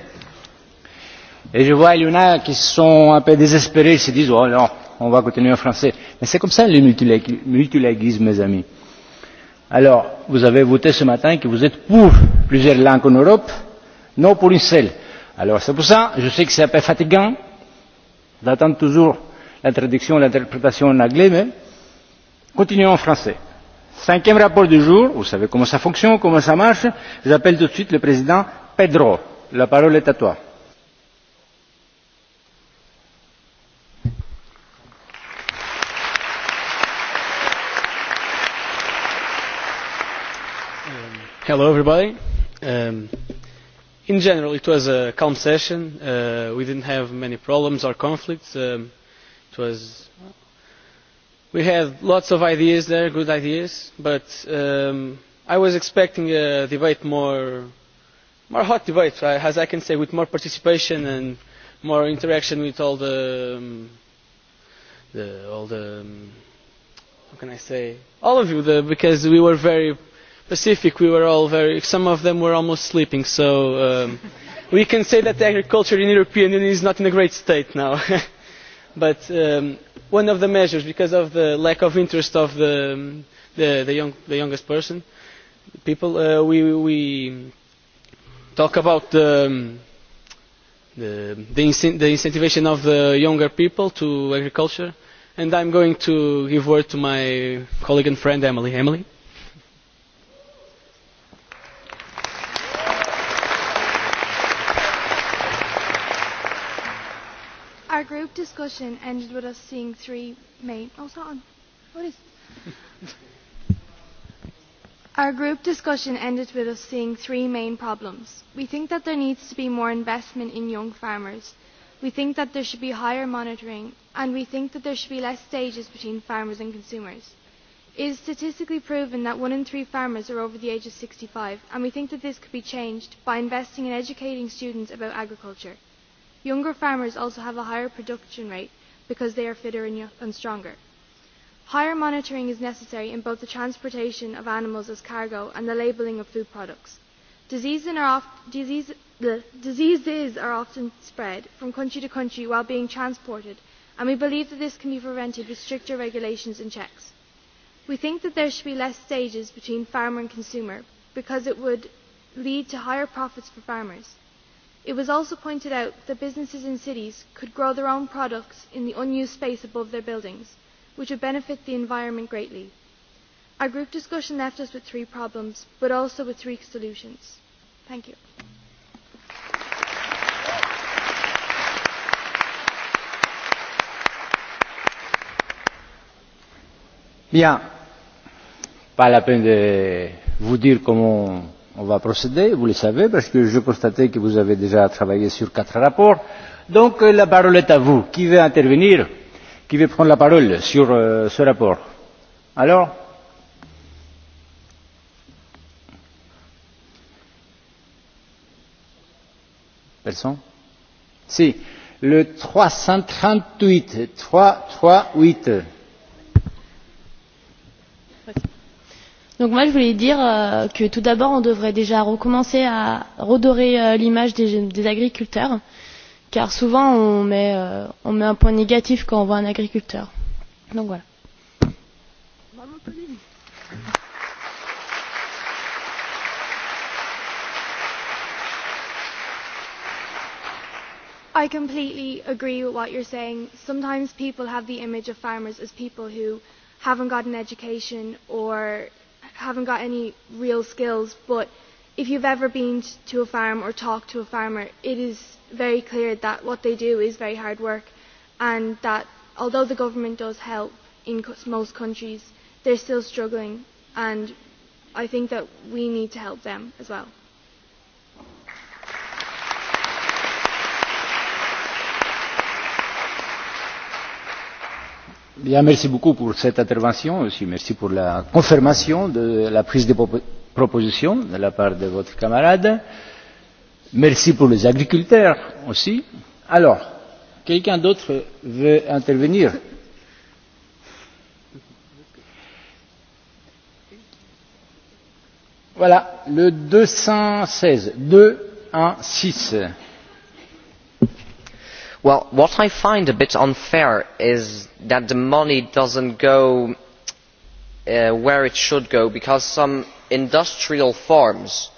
Et je vois, il y en a qui sont un peu désespérés, ils se disent, oh non, on va continuer en français. Mais c'est comme ça le multilinguisme, mes amis. Alors, vous avez voté ce matin que vous êtes pour plusieurs langues en Europe, non pour une seule. Alors, c'est pour ça, je sais que c'est un peu fatigant d'attendre toujours la traduction, l'interprétation en anglais, mais continuons en français. Cinquième rapport du jour, vous savez comment ça fonctionne, comment ça marche. J'appelle tout de suite le président Pedro. La parole est à toi. Hello, everybody. Um In general, it was a calm session. We didn't have many problems or conflicts. It was. We had lots of ideas there, good ideas, but I was expecting a debate more, more hot debate, as I can say, with more participation and more interaction with all the, the all the, how can I say, all of you, because we were very Pacific, we were all very, some of them were almost sleeping. So we can say that agriculture in the European Union is not in a great state now. But one of the measures, because of the lack of interest of the the youngest person, people, we we talk about the the incentivation of the younger people to agriculture. And I'm going to give word to my colleague and friend Emily. Emily. discussion ended with us seeing three main. Oh, on. What is? Our group discussion ended with us seeing three main problems. We think that there needs to be more investment in young farmers. We think that there should be higher monitoring, and we think that there should be less stages between farmers and consumers. It is statistically proven that one in three farmers are over the age of 65, and we think that this could be changed by investing in educating students about agriculture. Younger farmers also have a higher production rate because they are fitter and stronger. Higher monitoring is necessary in both the transportation of animals as cargo and the labelling of food products. Diseases are often spread from country to country while being transported, and we believe that this can be prevented with stricter regulations and checks. We think that there should be less stages between farmer and consumer because it would lead to higher profits for farmers. It was also pointed out that businesses in cities could grow their own products in the unused space above their buildings, which would benefit the environment greatly. Our group discussion left us with three problems, but also with three solutions. Thank you. Bien. Pas la peine de vous dire comment on va procéder, vous le savez, parce que je constatais que vous avez déjà travaillé sur quatre rapports. Donc la parole est à vous. Qui veut intervenir Qui veut prendre la parole sur ce rapport Alors Personne Si. Le 338. 338. Donc moi je voulais dire que tout d'abord on devrait déjà recommencer à redorer l'image des des agriculteurs car souvent on met on met un point négatif quand on voit un agriculteur. Donc voilà. I completely agree with what you're saying. Sometimes people have the image of farmers as people who haven't got an education or haven't got any real skills, but if you've ever been to a farm or talked to a farmer, it is very clear that what they do is very hard work and that although the government does help in most countries, they're still struggling and I think that we need to help them as well. merci beaucoup pour cette intervention, aussi merci pour la confirmation de la prise de proposition de la part de votre camarade. Merci pour les agriculteurs aussi. Alors, quelqu'un d'autre veut intervenir Voilà, le 216, 216. Well, what I find a bit unfair is that the money doesn't go where it should go because some industrial farms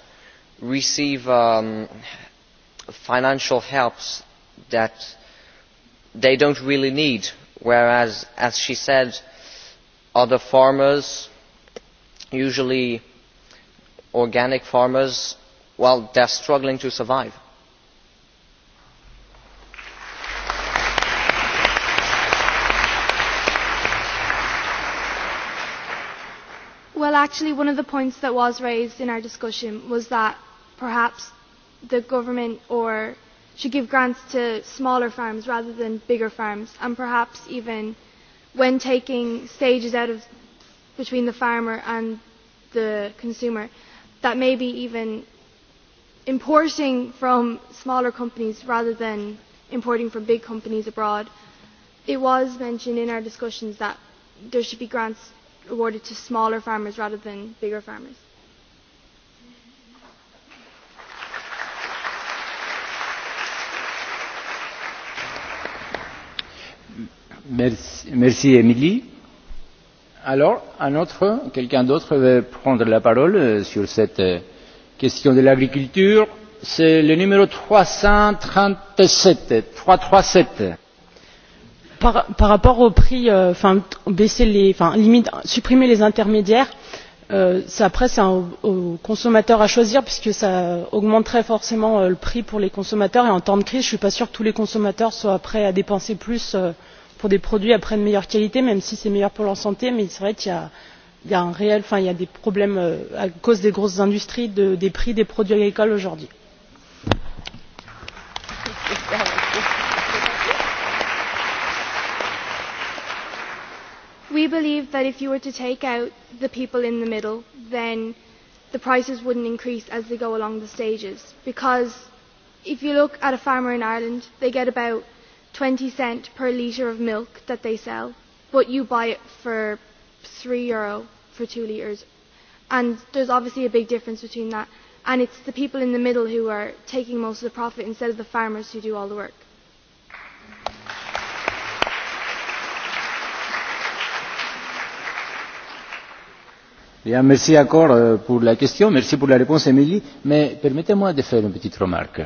receive financial helps that they don't really need, whereas, as she said, other farmers, usually organic farmers, well, they're struggling to survive. actually one of the points that was raised in our discussion was that perhaps the government or should give grants to smaller farms rather than bigger farms and perhaps even when taking stages out of between the farmer and the consumer that maybe even importing from smaller companies rather than importing from big companies abroad it was mentioned in our discussions that there should be grants awarded to smaller farmers rather than bigger farmers. Merci Émilie. Alors, un autre, quelqu'un d'autre veut prendre la parole sur cette question de l'agriculture. C'est le numéro 337. 337 par rapport au prix supprimer les intermédiaires après c'est aux consommateurs à choisir puisque ça augmenterait forcément le prix pour les consommateurs et en temps de crise je ne suis pas sûre que tous les consommateurs soient prêts à dépenser plus pour des produits après de meilleure qualité même si c'est meilleur pour leur santé mais c'est vrai qu'il y a un réel enfin il y a des problèmes à cause des grosses industries des prix des produits agricoles aujourd'hui. we believe that if you were to take out the people in the middle, then the prices wouldn't increase as they go along the stages. Because if you look at a farmer in Ireland, they get about 20 cent per litre of milk that they sell, but you buy it for 3 euro for 2 litres. And there's obviously a big difference between that. And it's the people in the middle who are taking most of the profit instead of the farmers who do all the work. Bien, merci encore pour la question, merci pour la réponse, Émilie. Mais permettez-moi de faire une petite remarque.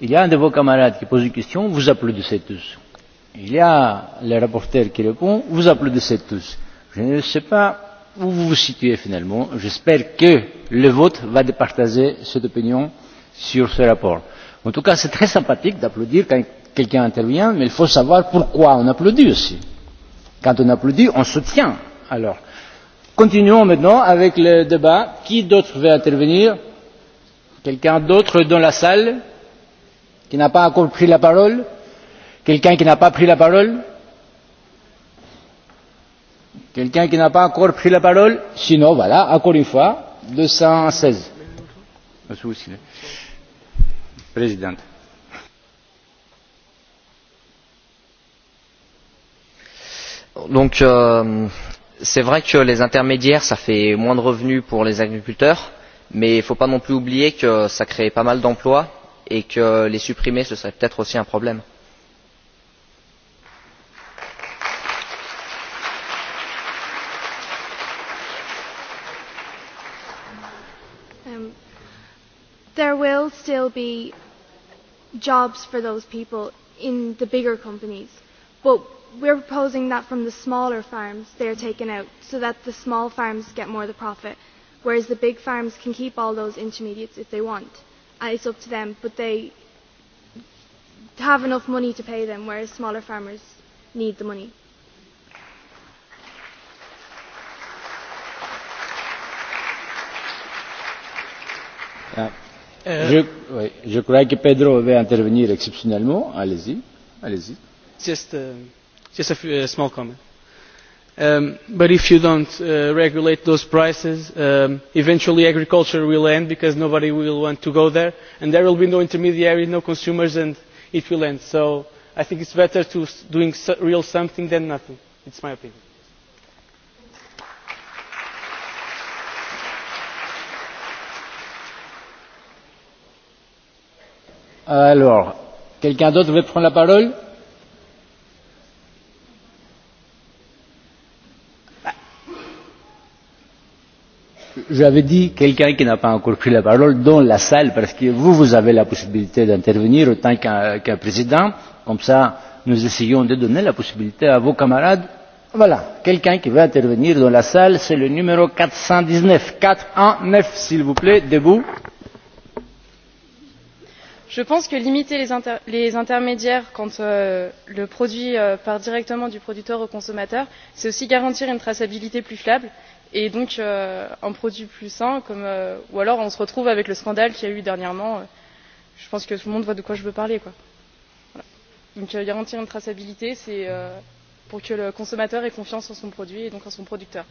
Il y a un de vos camarades qui pose une question, vous applaudissez tous. Il y a le rapporteur qui répond, vous applaudissez tous. Je ne sais pas où vous vous situez finalement. J'espère que le vote va départager cette opinion sur ce rapport. En tout cas, c'est très sympathique d'applaudir quand quelqu'un intervient, mais il faut savoir pourquoi on applaudit aussi. Quand on applaudit, on soutient. Alors, Continuons maintenant avec le débat. Qui d'autre veut intervenir Quelqu'un d'autre dans la salle qui n'a pas encore pris la parole Quelqu'un qui n'a pas pris la parole Quelqu'un qui n'a pas encore pris la parole Sinon, voilà, encore une fois, 216. Présidente. Donc, euh, c'est vrai que les intermédiaires ça fait moins de revenus pour les agriculteurs mais il ne faut pas non plus oublier que ça crée pas mal d'emplois et que les supprimer ce serait peut être aussi un problème. There will still be jobs for those people in the bigger companies, but we're proposing that from the smaller farms they are taken out so that the small farms get more of the profit, whereas the big farms can keep all those intermediates if they want. And it's up to them, but they have enough money to pay them, whereas smaller farmers need the money. Je crois que Pedro veut intervenir exceptionnellement. Allez-y. Allez-y. Just a small comment. But if you don't regulate those prices, eventually agriculture will end because nobody will want to go there, and there will be no intermediaries, no consumers, and it will end. So I think it's better to doing real something than nothing. It's my opinion. Alors, quelqu'un d'autre veut prendre la parole j'avais dit quelqu'un qui n'a pas encore pris la parole dans la salle parce que vous, vous avez la possibilité d'intervenir autant qu'un président. Comme ça, nous essayons de donner la possibilité à vos camarades. Voilà, quelqu'un qui veut intervenir dans la salle, c'est le numéro 419. 419, s'il vous plaît, debout. Je pense que limiter les intermédiaires quand le produit part directement du producteur au consommateur, c'est aussi garantir une traçabilité plus fiable et donc un produit plus sain comme ou alors on se retrouve avec le scandale qu'il y a eu dernièrement je pense que tout le monde voit de quoi je veux parler quoi. Donc garantir une traçabilité c'est pour que le consommateur ait confiance en son produit et donc en son producteur.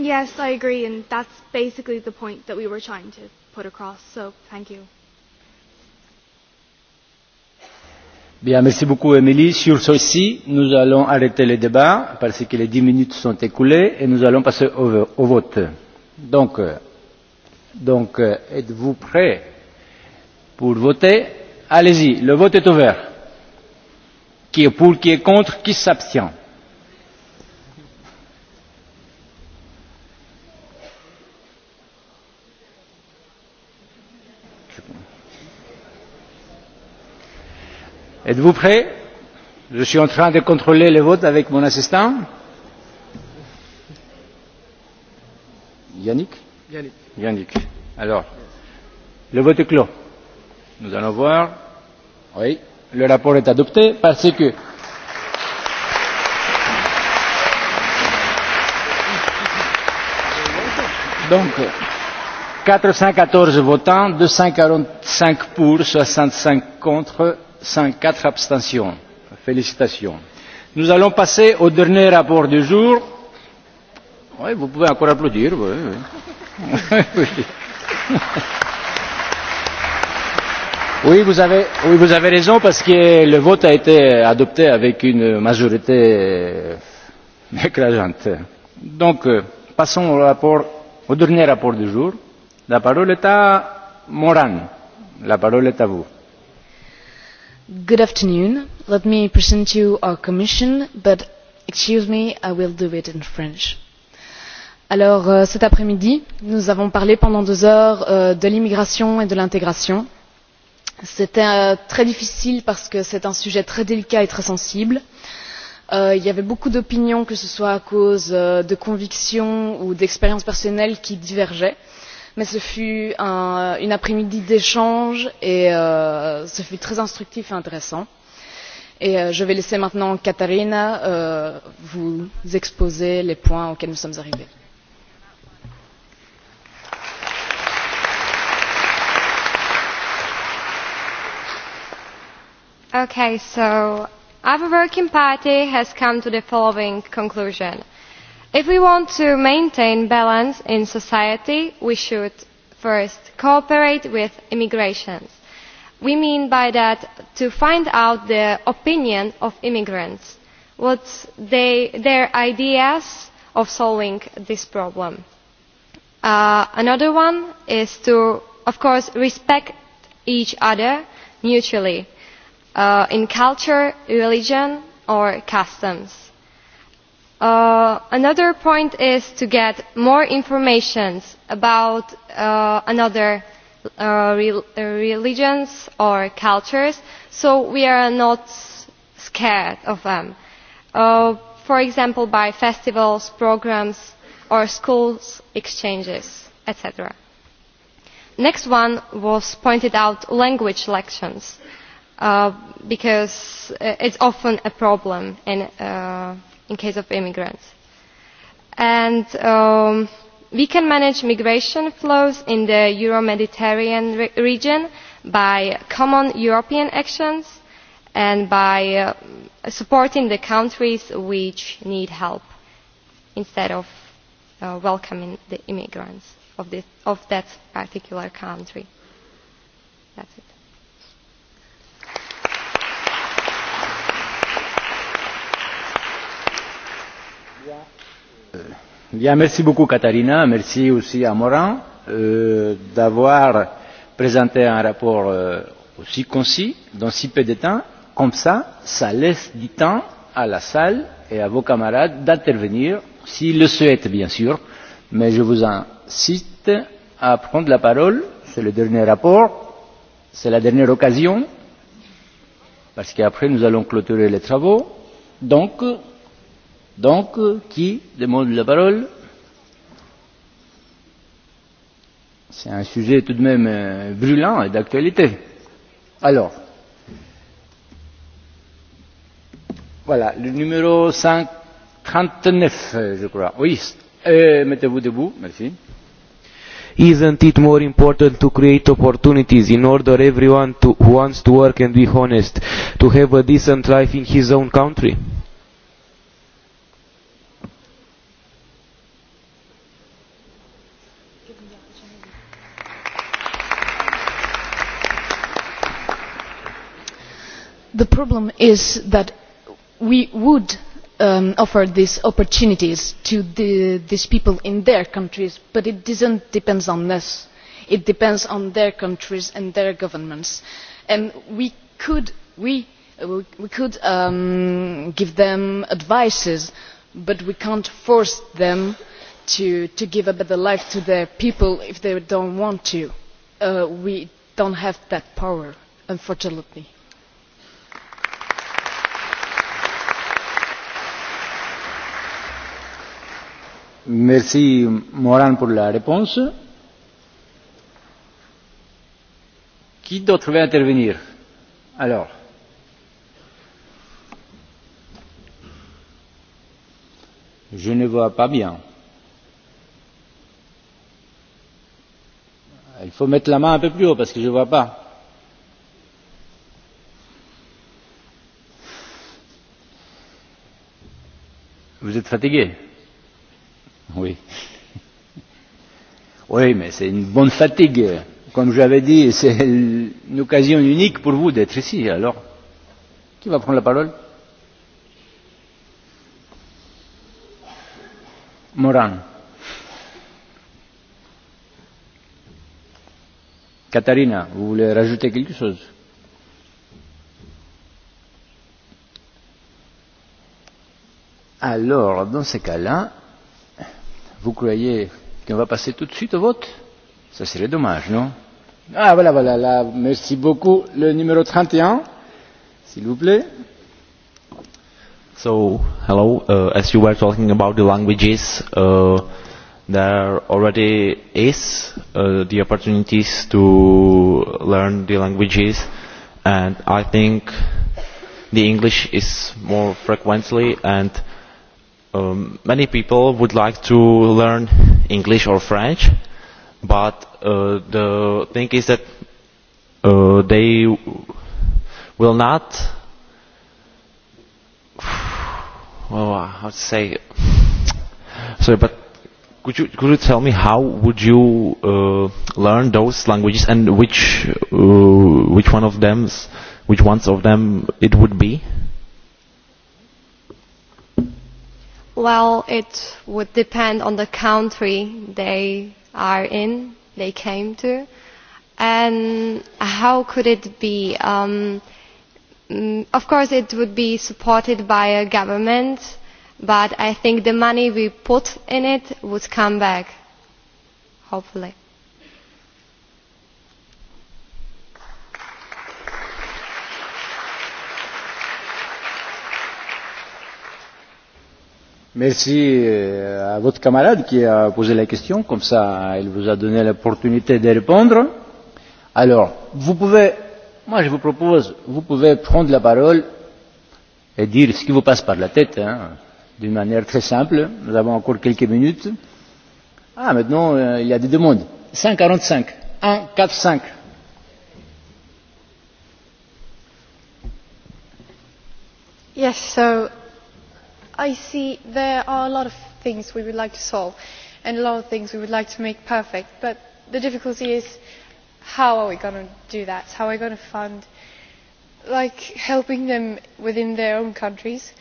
Yes, I agree and that's basically the point that we were trying to put across so thank you. Bien, merci beaucoup, Émilie. Sur ceci, nous allons arrêter le débat parce que les dix minutes sont écoulées et nous allons passer au, au vote. Donc, donc êtes-vous prêts pour voter Allez-y, le vote est ouvert. Qui est pour, qui est contre, qui s'abstient Êtes-vous prêt? Je suis en train de contrôler le vote avec mon assistant. Yannick Yannick. Yannick. Alors, le vote est clos. Nous allons voir. Oui, le rapport est adopté parce que. Donc, 414 votants, 245 pour, 65 contre cinq quatre abstentions. Félicitations. Nous allons passer au dernier rapport du jour. Oui, vous pouvez encore applaudir. Oui, oui. vous avez, raison parce que le vote a été adopté avec une majorité écrasante. Donc, passons au rapport, au dernier rapport du jour. La parole est à Moran. La parole est à vous. Good afternoon. Let me present you our commission, but excuse me, I will do it in French. Alors, cet après-midi, nous avons parlé pendant deux heures de l'immigration et de l'intégration. C'était très difficile parce que c'est un sujet très délicat et très sensible. Il y avait beaucoup d'opinions, que ce soit à cause de convictions ou d'expériences personnelles, qui divergeaient mais ce fut une après-midi d'échange et ce fut très instructif et intéressant. Et je vais laisser maintenant Katharina vous exposer les points auxquels nous sommes arrivés. Okay, so our working party has come to the following conclusion if we want to maintain balance in society we should first cooperate with immigration. we mean by that to find out the opinion of immigrants what their ideas of solving this problem. another one is to of course respect each other mutually in culture religion or customs Another point is to get more information about other religions or cultures, so we are not scared of them. For example, by festivals, programmes or schools exchanges, etc. Next one was pointed out language lections, because it's often a problem in in case of immigrants. And we can manage migration flows in the Euro-Mediterranean region by common European actions and by supporting the countries which need help instead of welcoming the immigrants of that particular country. That's it. Bien, merci beaucoup Katharina, merci aussi à Morin d'avoir présenté un rapport aussi concis, dans si peu de temps. Comme ça, ça laisse du temps à la salle et à vos camarades d'intervenir, s'ils le souhaitent bien sûr, mais je vous incite à prendre la parole. C'est le dernier rapport, c'est la dernière occasion, parce qu'après nous allons clôturer les travaux. Donc, Donc, qui demande la parole C'est un sujet tout de même brûlant et d'actualité. Alors, voilà, le numéro 539, je crois. Oui, mettez-vous debout, merci. Isn't it more important to create opportunities in order everyone who wants to work and be honest to have a decent life in his own country? the problem is that we would offer these opportunities to these people in their countries but it doesn't depend on us it depends on their countries and their governments and we could give them advice but we cannot force them to give a better life to their people if they don't want to. we don't have that power unfortunately. Merci Moran pour la réponse. Qui d'autre veut intervenir Alors. Je ne vois pas bien. Il faut mettre la main un peu plus haut parce que je ne vois pas. Vous êtes fatigué Oui. Oui, mais c'est une bonne fatigue. Comme l'avais dit, c'est une occasion unique pour vous d'être ici. Alors, qui va prendre la parole Moran. Katharina, vous voulez rajouter quelque chose Alors, dans ce cas-là, Vous croyez qu'on va passer tout de suite au vote Ça serait dommage, non Ah, voilà, voilà, là, merci beaucoup. Le numéro 31, s'il vous plaît. So, hello, as you were talking about the languages, there already is the opportunities to learn the languages, and I think the English is more frequently and Many people would like to learn English or French, but the thing is that they will not, how to say, sorry, but could you could you tell me how would you learn those languages and which which one of them, which ones of them it would be? Well, it would depend on the country they are in, they came to. And how could it be? Of course, it would be supported by a government, but I think the money we put in it would come back, hopefully. Merci à votre camarade qui a posé la question, comme ça elle vous a donné l'opportunité de répondre. Alors, vous pouvez, moi je vous propose, vous pouvez prendre la parole et dire ce qui vous passe par la tête, d'une manière très simple. Nous avons encore quelques minutes. Ah, maintenant il y a des demandes. 145, 145. Yes, so I see there are a lot of things we would like to solve and a lot of things we would like to make perfect, but the difficulty is how are we going to do that? How are we going to fund, like helping them within their own countries?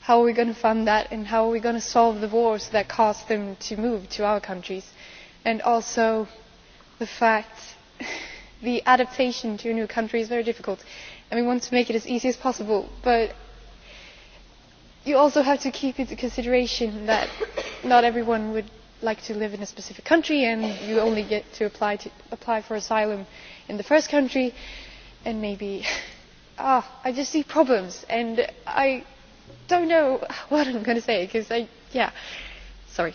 How are we going to fund that and how are we going to solve the wars that cause them to move to our countries? And also the fact the adaptation to a new country is very difficult and we want to make it as easy as possible, but you also have to keep into consideration that not everyone would like to live in a specific country and you only get to apply for asylum in the first country and maybe ah I just see problems and I don't know what I'm going to say because I yeah sorry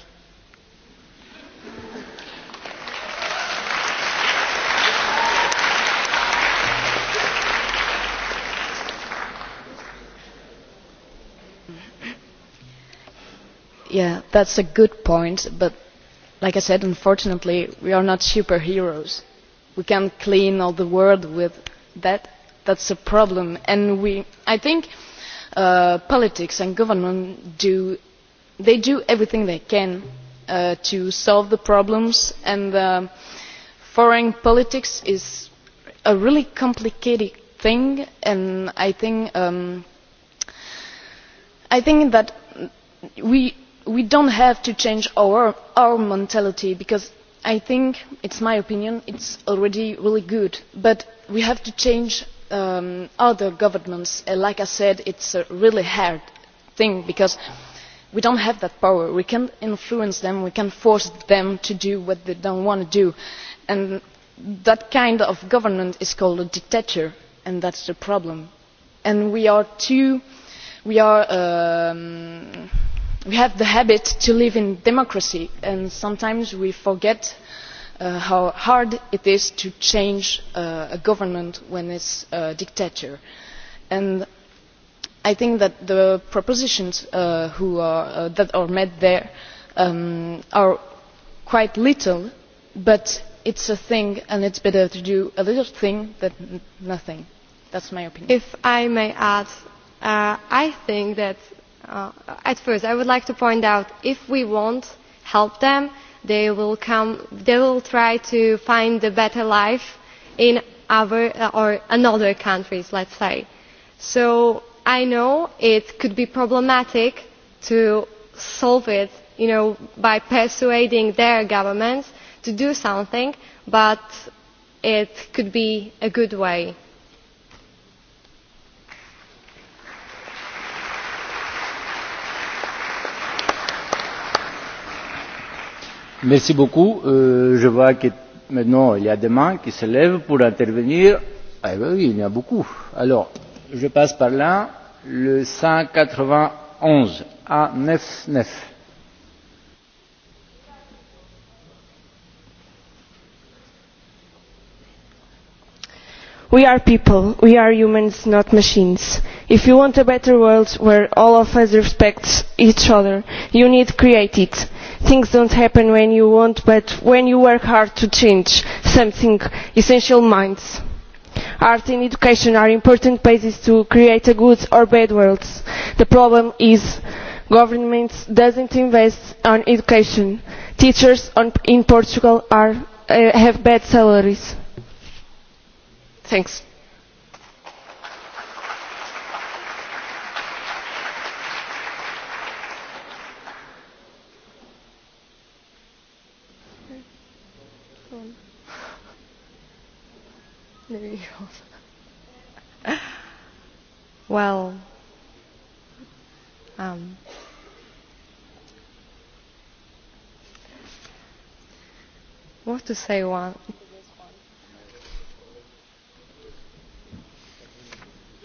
Yeah, that's a good point, but like I said, unfortunately, we are not superheroes. We can't clean all the world with that. That's a problem, and we, I think, politics and government do, they do everything they can to solve the problems, and foreign politics is a really complicated thing, and I think, I think that we we don't have to change our mentality because i think it's my opinion it's already really good but we have to change other governments and like i said it's a really hard thing because we don't have that power we can influence them we can force them to do what they don't want to do and that kind of government is called a dictator and that's the problem and we are too we are we have the habit to live in democracy and sometimes we forget how hard it is to change a government when it's a dictator. And I think that the propositions that are made there are quite little, but it's a thing and it's better to do a little thing than nothing. That's my opinion. If I may add, I think that at first i would like to point out if we not help them they will come they will try to find a better life in other or another countries let's say so i know it could be problematic to solve it you know by persuading their governments to do something but it could be a good way Merci beaucoup. Je vois que maintenant il y a des mains qui se lèvent pour intervenir. bien oui, il y en a beaucoup. Alors, je passe par là, le 191 A99. We are people, we are humans, not machines. If you want a better world where all of us respect each other, you need to create it things don't happen when you want, but when you work hard to change something, essential minds. Art and education are important bases to create a good or bad world. The problem is governments doesn't invest on education. Teachers in Portugal have bad salaries. Thanks. Well, um, what to say one?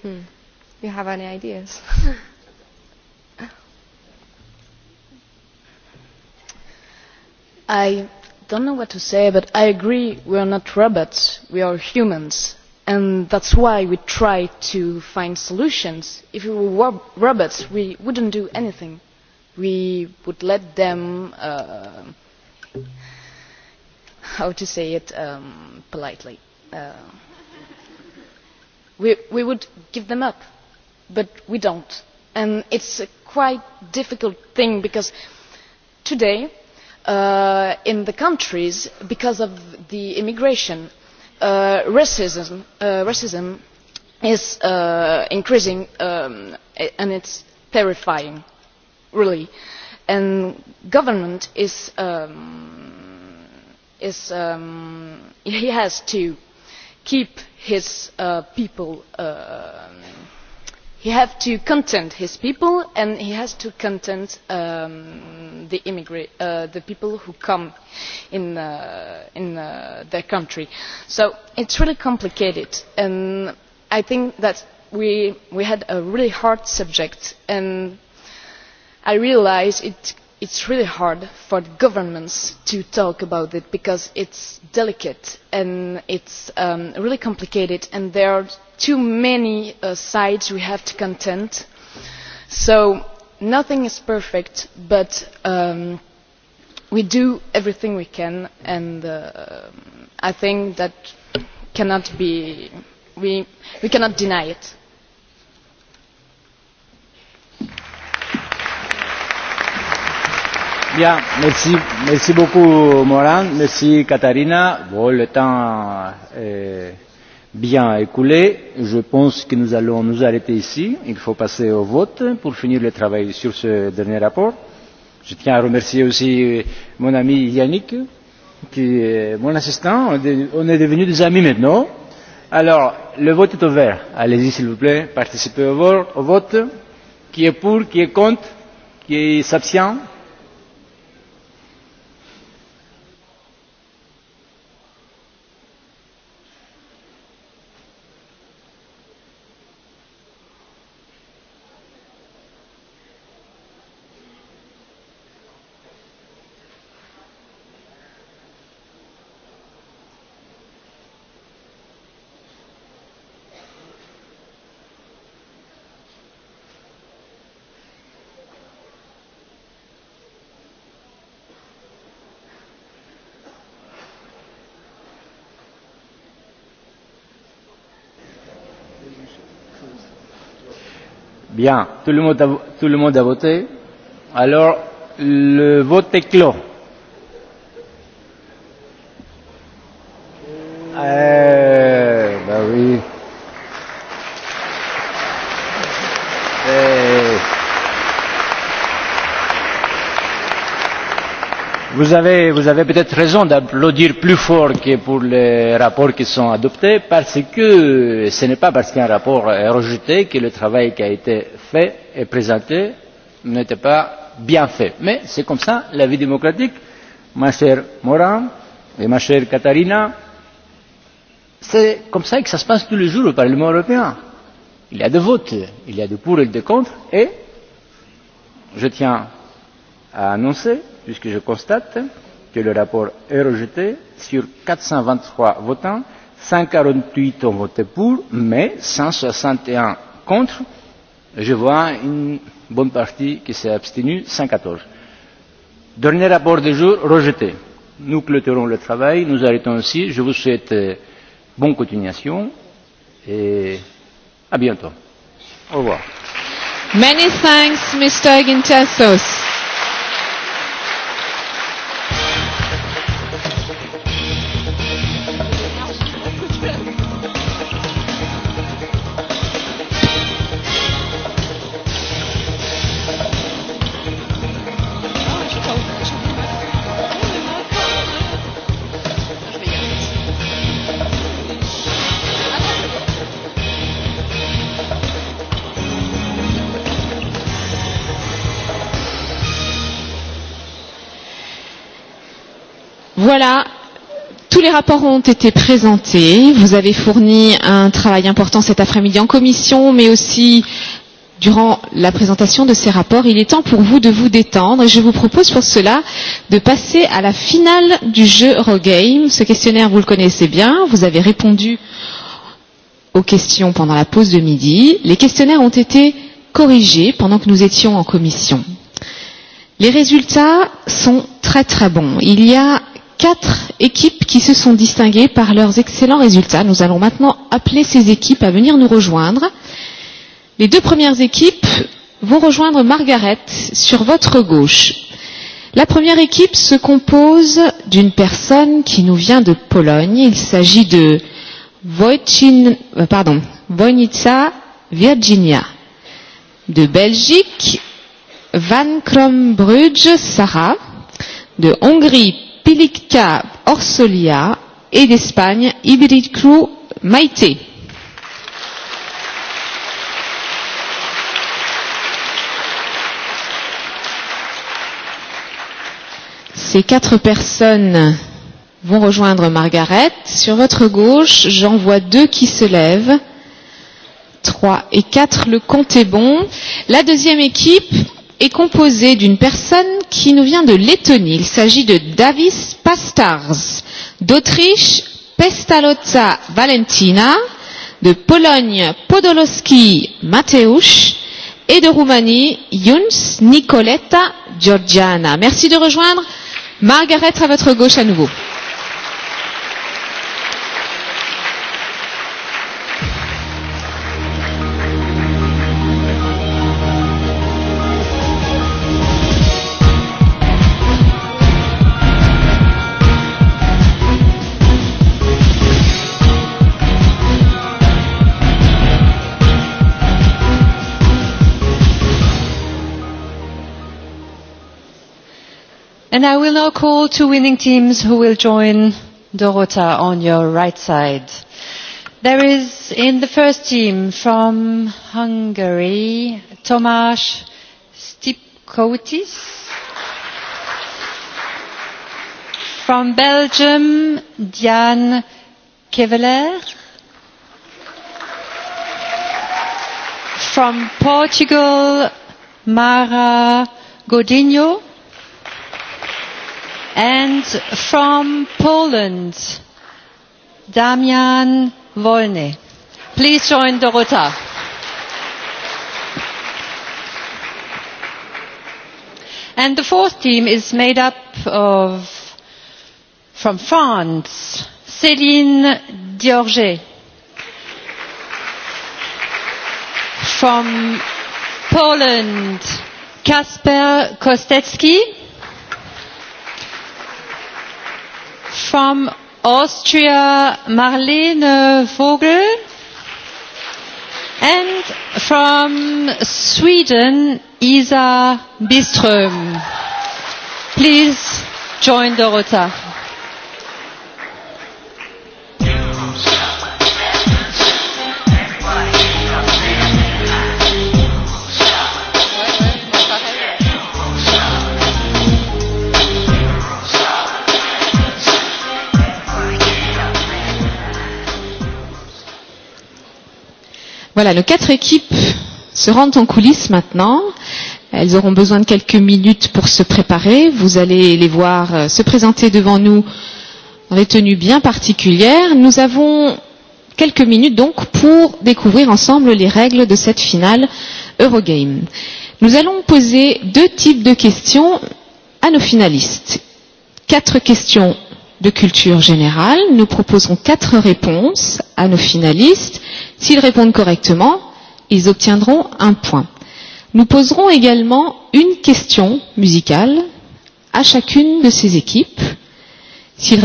Hmm. You have any ideas? I don't know what to say, but I agree we are not robots, we are humans. And that's why we try to find solutions. If we were robots, we wouldn't do anything. We would let them, how to say it politely, we would give them up. But we don't. And it's a quite difficult thing because today, in the countries because of the immigration. Racism is increasing and it's terrifying, really. And government he has to keep his people he has to content his people and he has to content the people who come in their country. So it's really complicated and I think that we had a really hard subject and I realise it it's really hard for governments to talk about it because it's delicate and it's really complicated and there are too many sides we have to contend. So nothing is perfect, but we do everything we can, and I think that cannot be we we cannot deny it. Bien, merci, merci beaucoup Morin, merci Katharina. Bon, le temps est bien écoulé. Je pense que nous allons nous arrêter ici. Il faut passer au vote pour finir le travail sur ce dernier rapport. Je tiens à remercier aussi mon ami Yannick, qui est mon assistant. On est devenus des amis maintenant. Alors, le vote est ouvert. Allez-y, s'il vous plaît, participez au vote. Qui est pour, qui est contre, qui s'abstient Bien, tout le monde a tout le monde a voté. Alors, le vote est clos. vous avez, vous avez peut-être raison d'applaudir plus fort que pour les rapports qui sont adoptés, parce que ce n'est pas parce qu'un rapport est rejeté que le travail qui a été fait et présenté n'était pas bien fait. Mais c'est comme ça, la vie démocratique, ma chère Morin et ma chère Katharina, c'est comme ça que ça se passe tous les jours au Parlement européen. Il y a des votes, il y a des pour et des contre, et je tiens à annoncer, puisque je constate que le rapport est rejeté sur quatre cent vingt trois votants, 148 ont voté pour, mais cent soixante et un contre. Je vois une bonne partie qui s'est abstenue, cent quatorze. Dernier rapport du jour, rejeté. Nous clôturons le travail, nous arrêtons ici. Je vous souhaite bonne continuation et à bientôt. Au revoir. Many thanks, Mr. Gintessos. rapports ont été présentés. Vous avez fourni un travail important cet après-midi en commission, mais aussi durant la présentation de ces rapports. Il est temps pour vous de vous détendre et je vous propose pour cela de passer à la finale du jeu Eurogame. Ce questionnaire, vous le connaissez bien. Vous avez répondu aux questions pendant la pause de midi. Les questionnaires ont été corrigés pendant que nous étions en commission. Les résultats sont très très bons. Il y a quatre équipes qui se sont distinguées par leurs excellents résultats. Nous allons maintenant appeler ces équipes à venir nous rejoindre. Les deux premières équipes vont rejoindre Margaret sur votre gauche. La première équipe se compose d'une personne qui nous vient de Pologne. Il s'agit de Wojcin, pardon, Wojnica Virginia. De Belgique, Van Krombrugge Sarah. De Hongrie, Pilica Orsolia et d'Espagne Ibiricru Maite. Ces quatre personnes vont rejoindre Margaret. Sur votre gauche, j'en vois deux qui se lèvent. Trois et quatre, le compte est bon. La deuxième équipe est composé d'une personne qui nous vient de Lettonie. Il s'agit de Davis Pastars, d'Autriche Pestalozza Valentina, de Pologne Podolowski Mateusz et de Roumanie Yuns Nicoletta Georgiana. Merci de rejoindre Margaret à votre gauche à nouveau. And I will now call two winning teams who will join Dorota on your right side. There is in the first team from Hungary, Tomas Stipkotis. From Belgium, Diane Keveler. From Portugal, Mara Godinho. And from Poland, Damian Wolny. Please join Dorota. And the fourth team is made up of, from France, Céline Diorgé. From Poland, Kasper Kostecki. from Austria, Marlene Vogel. And from Sweden, Isa Biström. Please join Dorota. Voilà, nos quatre équipes se rendent en coulisses maintenant. Elles auront besoin de quelques minutes pour se préparer. Vous allez les voir se présenter devant nous dans des tenues bien particulières. Nous avons quelques minutes donc pour découvrir ensemble les règles de cette finale Eurogame. Nous allons poser deux types de questions à nos finalistes. Quatre questions de culture générale. Nous proposons quatre réponses à nos finalistes S'ils répondent correctement, ils obtiendront un point. Nous poserons également une question musicale à chacune de ces équipes. Si elles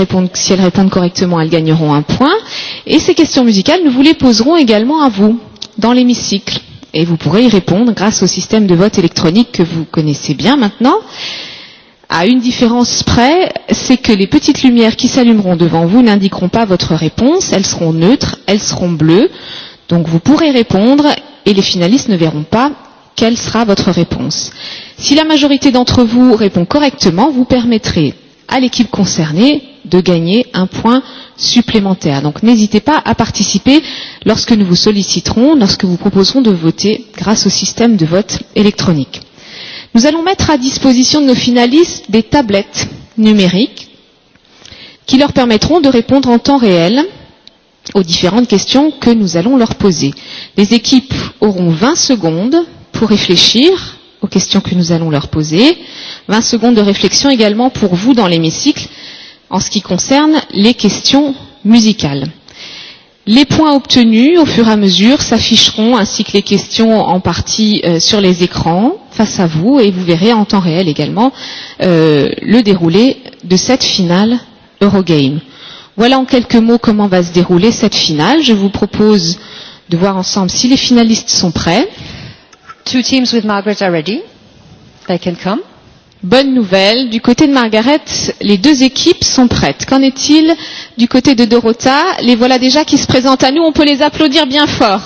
répondent correctement, elles gagneront un point. Et ces questions musicales, nous vous les poserons également à vous, dans l'hémicycle. Et vous pourrez y répondre grâce au système de vote électronique que vous connaissez bien maintenant. À une différence près, c'est que les petites lumières qui s'allumeront devant vous n'indiqueront pas votre réponse. Elles seront neutres, elles seront bleues. Donc vous pourrez répondre et les finalistes ne verront pas quelle sera votre réponse. Si la majorité d'entre vous répond correctement, vous permettrez à l'équipe concernée de gagner un point supplémentaire. Donc n'hésitez pas à participer lorsque nous vous solliciterons, lorsque vous proposerons de voter grâce au système de vote électronique. Nous allons mettre à disposition de nos finalistes des tablettes numériques qui leur permettront de répondre en temps réel aux différentes questions que nous allons leur poser. Les équipes auront 20 secondes pour réfléchir aux questions que nous allons leur poser, 20 secondes de réflexion également pour vous dans l'hémicycle en ce qui concerne les questions musicales. Les points obtenus au fur et à mesure s'afficheront ainsi que les questions en partie sur les écrans face à vous et vous verrez en temps réel également le déroulé de cette finale Eurogame. Voilà en quelques mots comment va se dérouler cette finale. Je vous propose de voir ensemble si les finalistes sont prêts. Two teams with Margaret are ready. They can come. Bonne nouvelle, du côté de Margaret, les deux équipes sont prêtes. Qu'en est-il du côté de Dorota Les voilà déjà qui se présentent à nous, on peut les applaudir bien fort.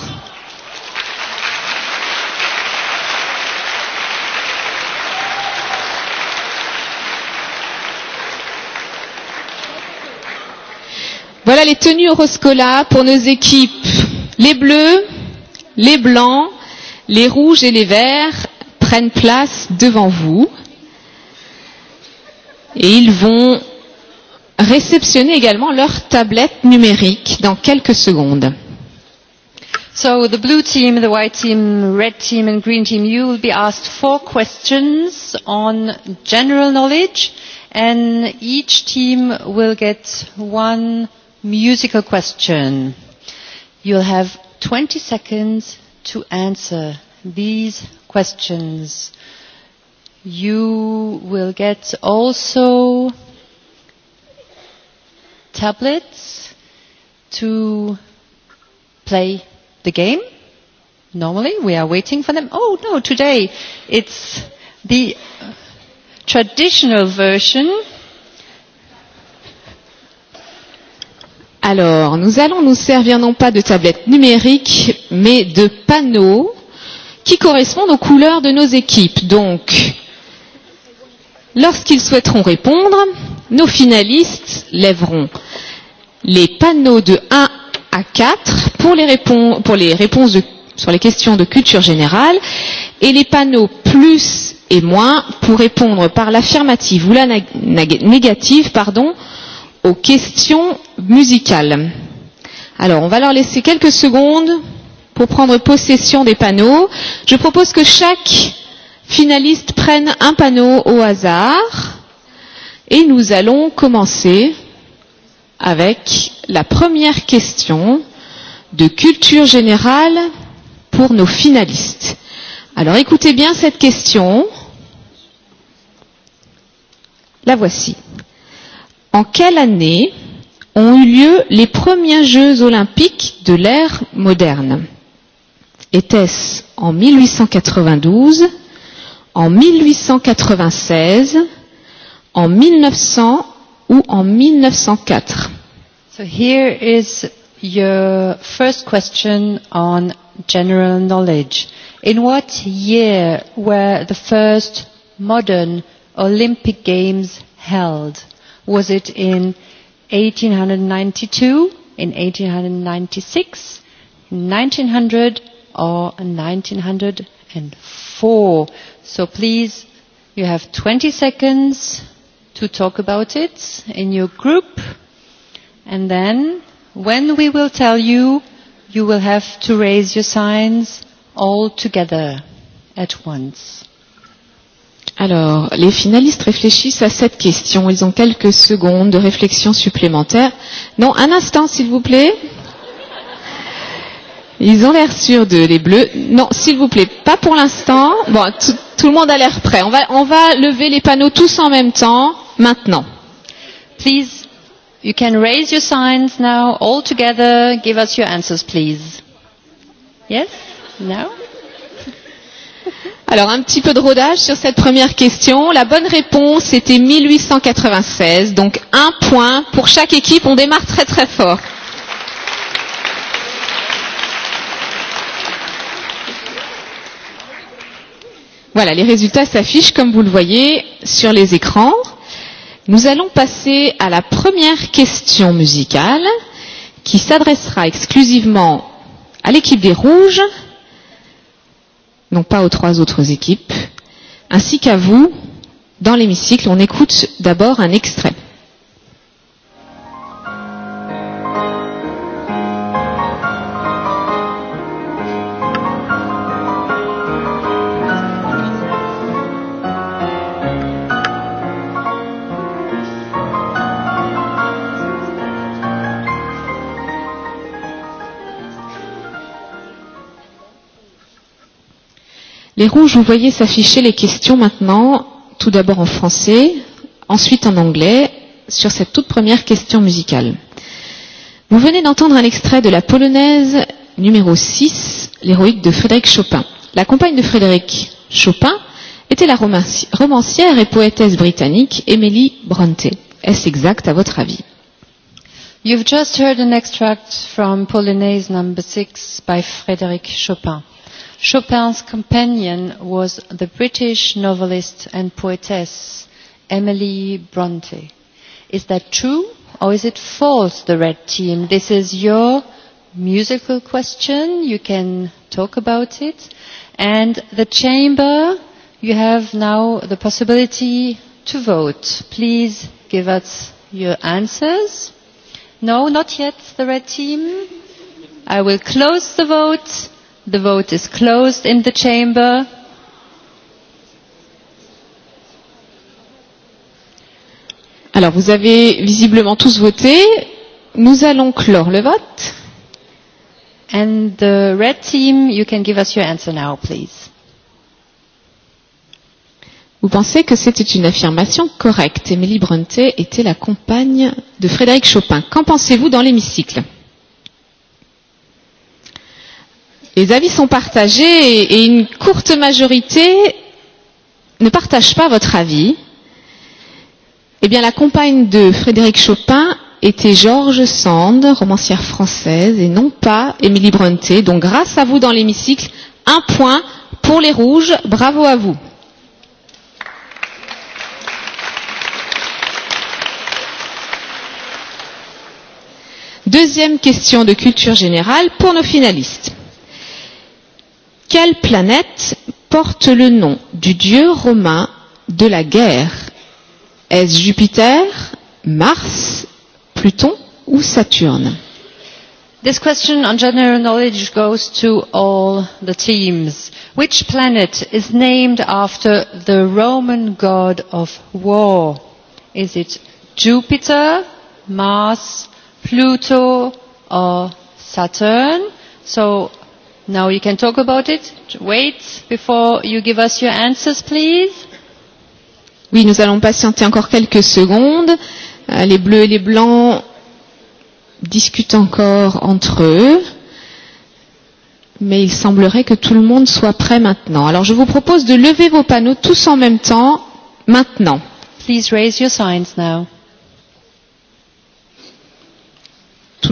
Voilà les tenues Euroscola pour nos équipes. Les bleus, les blancs, les rouges et les verts prennent place devant vous. Et ils vont réceptionner également leur tablette numérique dans quelques secondes. So the blue team, the white team, red team and green team, will be asked four questions on general knowledge and each team will get one musical question. You'll have 20 seconds to answer these questions. You will get also tablets to play the game. Normally we are waiting for them. Oh no, today it's the traditional version Alors, nous allons nous servir non pas de tablettes numériques, mais de panneaux qui correspondent aux couleurs de nos équipes. Donc, lorsqu'ils souhaiteront répondre, nos finalistes lèveront les panneaux de 1 à 4 pour les, pour les réponses sur les questions de culture générale et les panneaux plus et moins pour répondre par l'affirmative ou la négative pardon, aux questions musicales. Alors, on va leur laisser quelques secondes pour prendre possession des panneaux. Je propose que chaque finaliste prenne un panneau au hasard et nous allons commencer avec la première question de culture générale pour nos finalistes. Alors écoutez bien cette question. La voici. En quelle année ont eu lieu les premiers Jeux olympiques de l'ère moderne Était-ce en 1892, en 1896, en 1900 ou en 1904 So here is your first question on general knowledge. In what year were the first modern Olympic Games held? Was it in 1892, in 1896, in 1900 or 1904? So please, you have 20 seconds to talk about it in your group. And then, when we will tell you, you will have to raise your signs all together at once. Alors, les finalistes réfléchissent à cette question. Ils ont quelques secondes de réflexion supplémentaire. Non, un instant, s'il vous plaît. Ils ont l'air sûrs de les bleus. Non, s'il vous plaît, pas pour l'instant. Bon, tout le monde a l'air prêt. On va, on va lever les panneaux tous en même temps, maintenant. Please, you can raise your signs now, all together. Give us your answers, please. Yes? No? Alors, un petit peu de rodage sur cette première question. La bonne réponse était 1896, donc un point pour chaque équipe. On démarre très très fort. Voilà, les résultats s'affichent comme vous le voyez sur les écrans. Nous allons passer à la première question musicale qui s'adressera exclusivement à l'équipe des Rouges non pas aux trois autres équipes, ainsi qu'à vous, dans l'hémicycle. On écoute d'abord un extrait. Les rouges, vous voyez s'afficher les questions maintenant, tout d'abord en français, ensuite en anglais, sur cette toute première question musicale. Vous venez d'entendre un extrait de la polonaise numéro 6, l'héroïque de Frédéric Chopin. La compagne de Frédéric Chopin était la romancière et poétesse britannique Emily Brontë. Est-ce exact à votre avis You've just heard an extract from Polonaise number 6 by Frédéric Chopin. Chopin's companion was the British novelist and poetess Emily Bronte. Is that true or is it false, the red team? This is your musical question. You can talk about it. And the chamber, you have now the possibility to vote. Please give us your answers. No, not yet, the red team. I will close the vote. The vote is closed in the chamber. Alors, vous avez visiblement tous voté. Nous allons clore le vote. And the red team, you can give us your answer now, please. Vous pensez que c'était une affirmation correcte. Émilie Brontë était la compagne de Frédéric Chopin. Qu'en pensez-vous dans l'hémicycle Les avis sont partagés et une courte majorité ne partage pas votre avis. Eh bien, la compagne de Frédéric Chopin était Georges Sand, romancière française, et non pas Émilie Brontë. Donc, grâce à vous dans l'hémicycle, un point pour les rouges. Bravo à vous. Deuxième question de culture générale pour nos finalistes. Quelle planète porte le nom du dieu romain de la guerre Est-ce Jupiter, Mars, Pluton ou Saturne This question on general knowledge goes to all the teams. Which planet is named after the Roman god of war? Is it Jupiter, Mars, Pluto or Saturn? So Now you can talk about it. Wait before you give us your answers, please. Oui, nous allons patienter encore quelques secondes. Les bleus et les blancs discutent encore entre eux. Mais il semblerait que tout le monde soit prêt maintenant. Alors je vous propose de lever vos panneaux tous en même temps, maintenant. Please raise your signs now.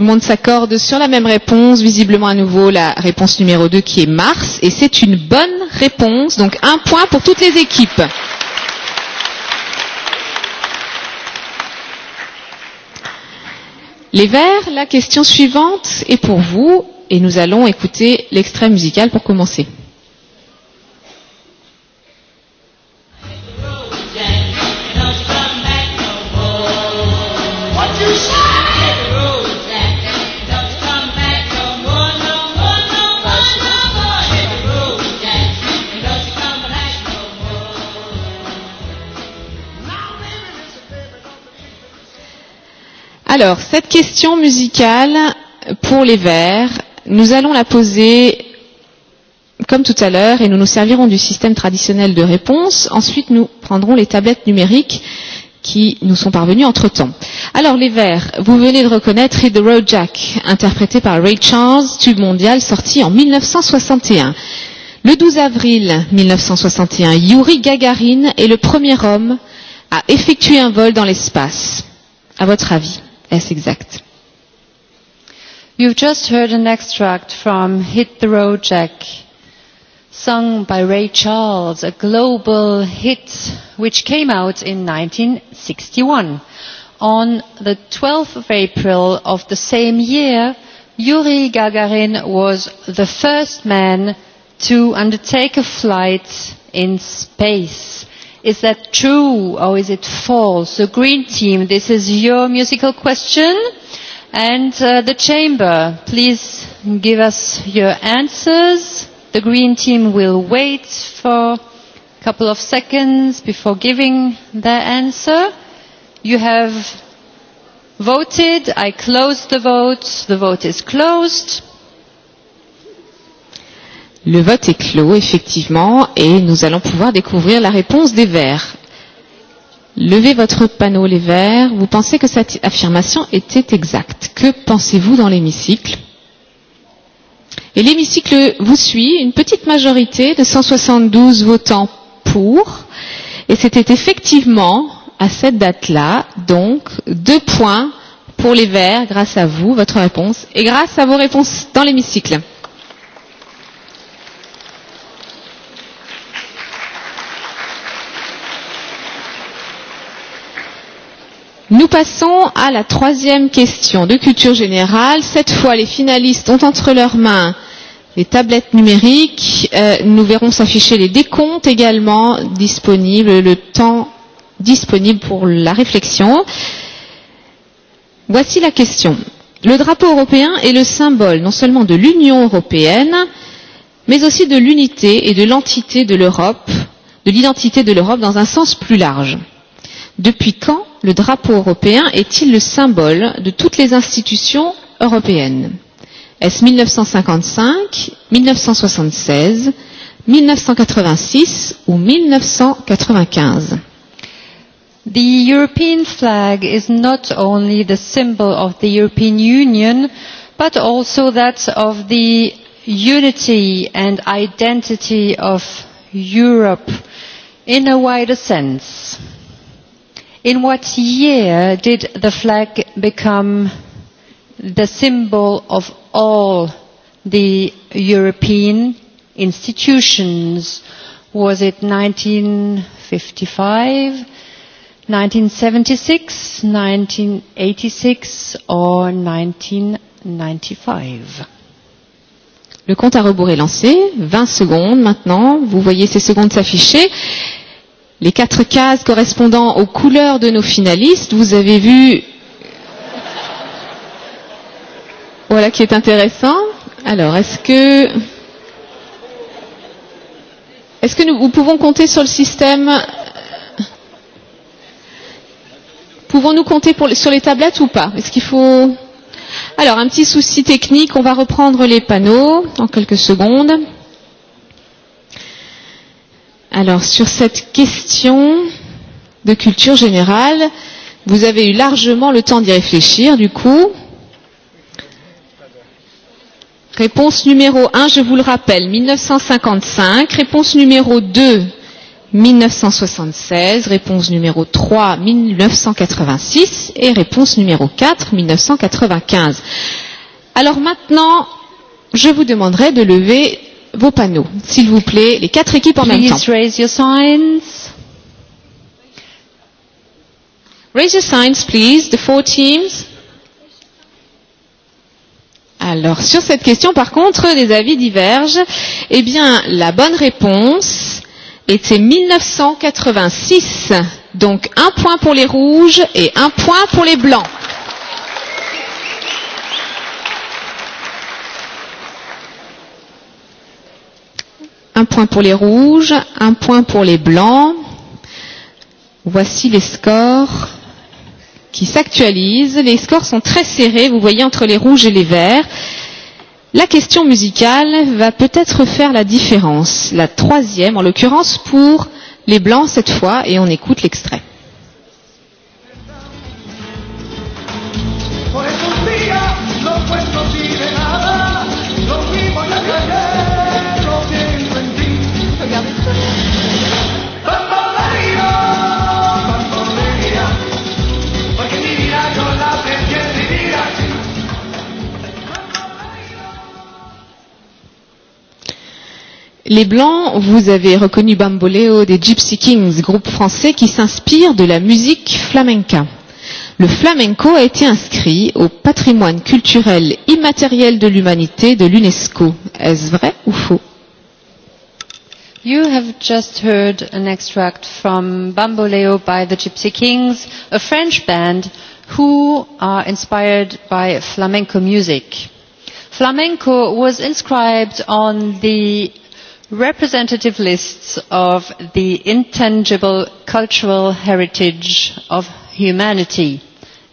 tout le monde s'accorde sur la même réponse. Visiblement à nouveau la réponse numéro 2 qui est Mars. Et c'est une bonne réponse. Donc un point pour toutes les équipes. Les Verts, la question suivante est pour vous. Et nous allons écouter l'extrait musical pour commencer. Alors, cette question musicale pour les vers, nous allons la poser comme tout à l'heure et nous nous servirons du système traditionnel de réponse. Ensuite, nous prendrons les tablettes numériques qui nous sont parvenues entre-temps. Alors, les vers, vous venez de reconnaître Hit the Road Jack, interprété par Ray Charles, tube mondial, sorti en 1961. Le 12 avril 1961, Yuri Gagarin est le premier homme à effectuer un vol dans l'espace. À votre avis less exact. You've just heard an extract from Hit the Road Jack, sung by Ray Charles, a global hit which came out in 1961. On the 12th of April of the same year, Yuri Gagarin was the first man to undertake a flight in space. Is that true or is it false? The Green Team, this is your musical question. And the Chamber, please give us your answers. The Green Team will wait for a couple of seconds before giving their answer. You have voted. I close the vote. The vote is closed. Le vote est clos, effectivement, et nous allons pouvoir découvrir la réponse des Verts. Levez votre panneau, les Verts. Vous pensez que cette affirmation était exacte. Que pensez-vous dans l'hémicycle Et l'hémicycle vous suit, une petite majorité de 172 votants pour. Et c'était effectivement, à cette date-là, donc, deux points pour les Verts grâce à vous, votre réponse, et grâce à vos réponses dans l'hémicycle. Nous passons à la troisième question de culture générale. Cette fois, les finalistes ont entre leurs mains les tablettes numériques. Nous verrons s'afficher les décomptes également disponibles, le temps disponible pour la réflexion. Voici la question. Le drapeau européen est le symbole non seulement de l'Union européenne, mais aussi de l'unité et de l'entité de l'Europe, de l'identité de l'Europe dans un sens plus large. Depuis quand le drapeau européen est-il le symbole de toutes les institutions européennes Est-ce 1955, 1976, 1986 ou 1995 The European flag is not only the symbol of the European Union but also that of the unity and identity of Europe in a wider sense In what year did the flag become the symbol of all the European institutions? Was it 1955, 1976, 1986 or 1995? Le compte à rebours est lancé. 20 secondes maintenant. Vous voyez ces secondes s'afficher les quatre cases correspondant aux couleurs de nos finalistes. Vous avez vu. Voilà qui est intéressant. Alors, est-ce que. Est-ce que nous, nous pouvons compter sur le système Pouvons-nous compter pour, sur les tablettes ou pas Est-ce qu'il faut... Alors, un petit souci technique, on va reprendre les panneaux en quelques secondes. Alors, sur cette question de culture générale, vous avez eu largement le temps d'y réfléchir, du coup. Réponse numéro 1, je vous le rappelle, 1955. Réponse numéro 2, 1976. Réponse numéro 3, 1986. Et réponse numéro 4, 1995. Alors maintenant, je vous demanderai de lever vos panneaux, s'il vous plaît, les quatre équipes en même temps. raise your signs. Raise your signs, please, the four teams. Alors, sur cette question, par contre, les avis divergent. Eh bien, la bonne réponse était 1986. Donc, un point pour les rouges et un point pour les blancs. Un point pour les rouges, un point pour les blancs. Voici les scores qui s'actualisent. Les scores sont très serrés, vous voyez, entre les rouges et les verts. La question musicale va peut-être faire la différence. La troisième, en l'occurrence, pour les blancs cette fois, et on écoute l'extrait. Por nada. Les Blancs, vous avez reconnu Bamboléo des Gypsy Kings, groupe français qui s'inspire de la musique flamenca. Le flamenco a été inscrit au patrimoine culturel immatériel de l'humanité de l'UNESCO. Est-ce vrai ou faux You have just heard an extract from Bamboléo by the Gypsy Kings, a French band who are inspired by flamenco music. Flamenco was inscribed on the representative lists of the intangible cultural heritage of humanity.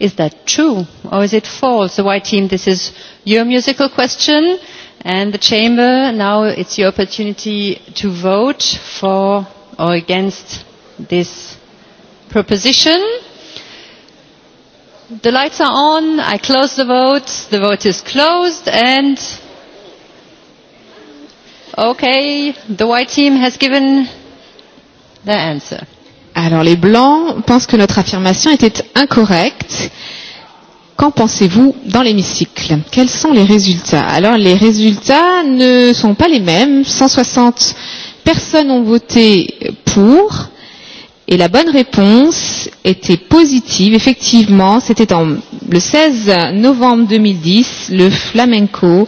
Is that true or is it false? The White Team, this is your musical question and the Chamber. Now it's your opportunity to vote for or against this proposition. The lights are on. I close the vote. The vote is closed and Okay, the white team has given the answer. Alors les blancs pensent que notre affirmation était incorrecte. Qu'en pensez-vous dans l'hémicycle Quels sont les résultats Alors les résultats ne sont pas les mêmes. 160 personnes ont voté pour et la bonne réponse était positive. Effectivement, c'était le 16 novembre 2010, le flamenco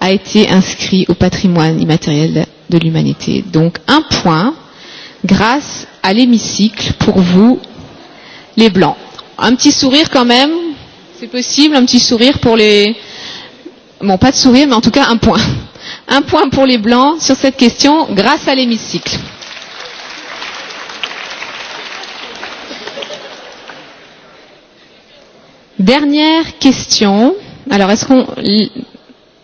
a été inscrit au patrimoine immatériel de l'humanité. Donc un point grâce à l'hémicycle pour vous, les Blancs. Un petit sourire quand même, c'est possible, un petit sourire pour les... Bon, pas de sourire, mais en tout cas un point. Un point pour les Blancs sur cette question grâce à l'hémicycle. Dernière question. Alors, est-ce qu'on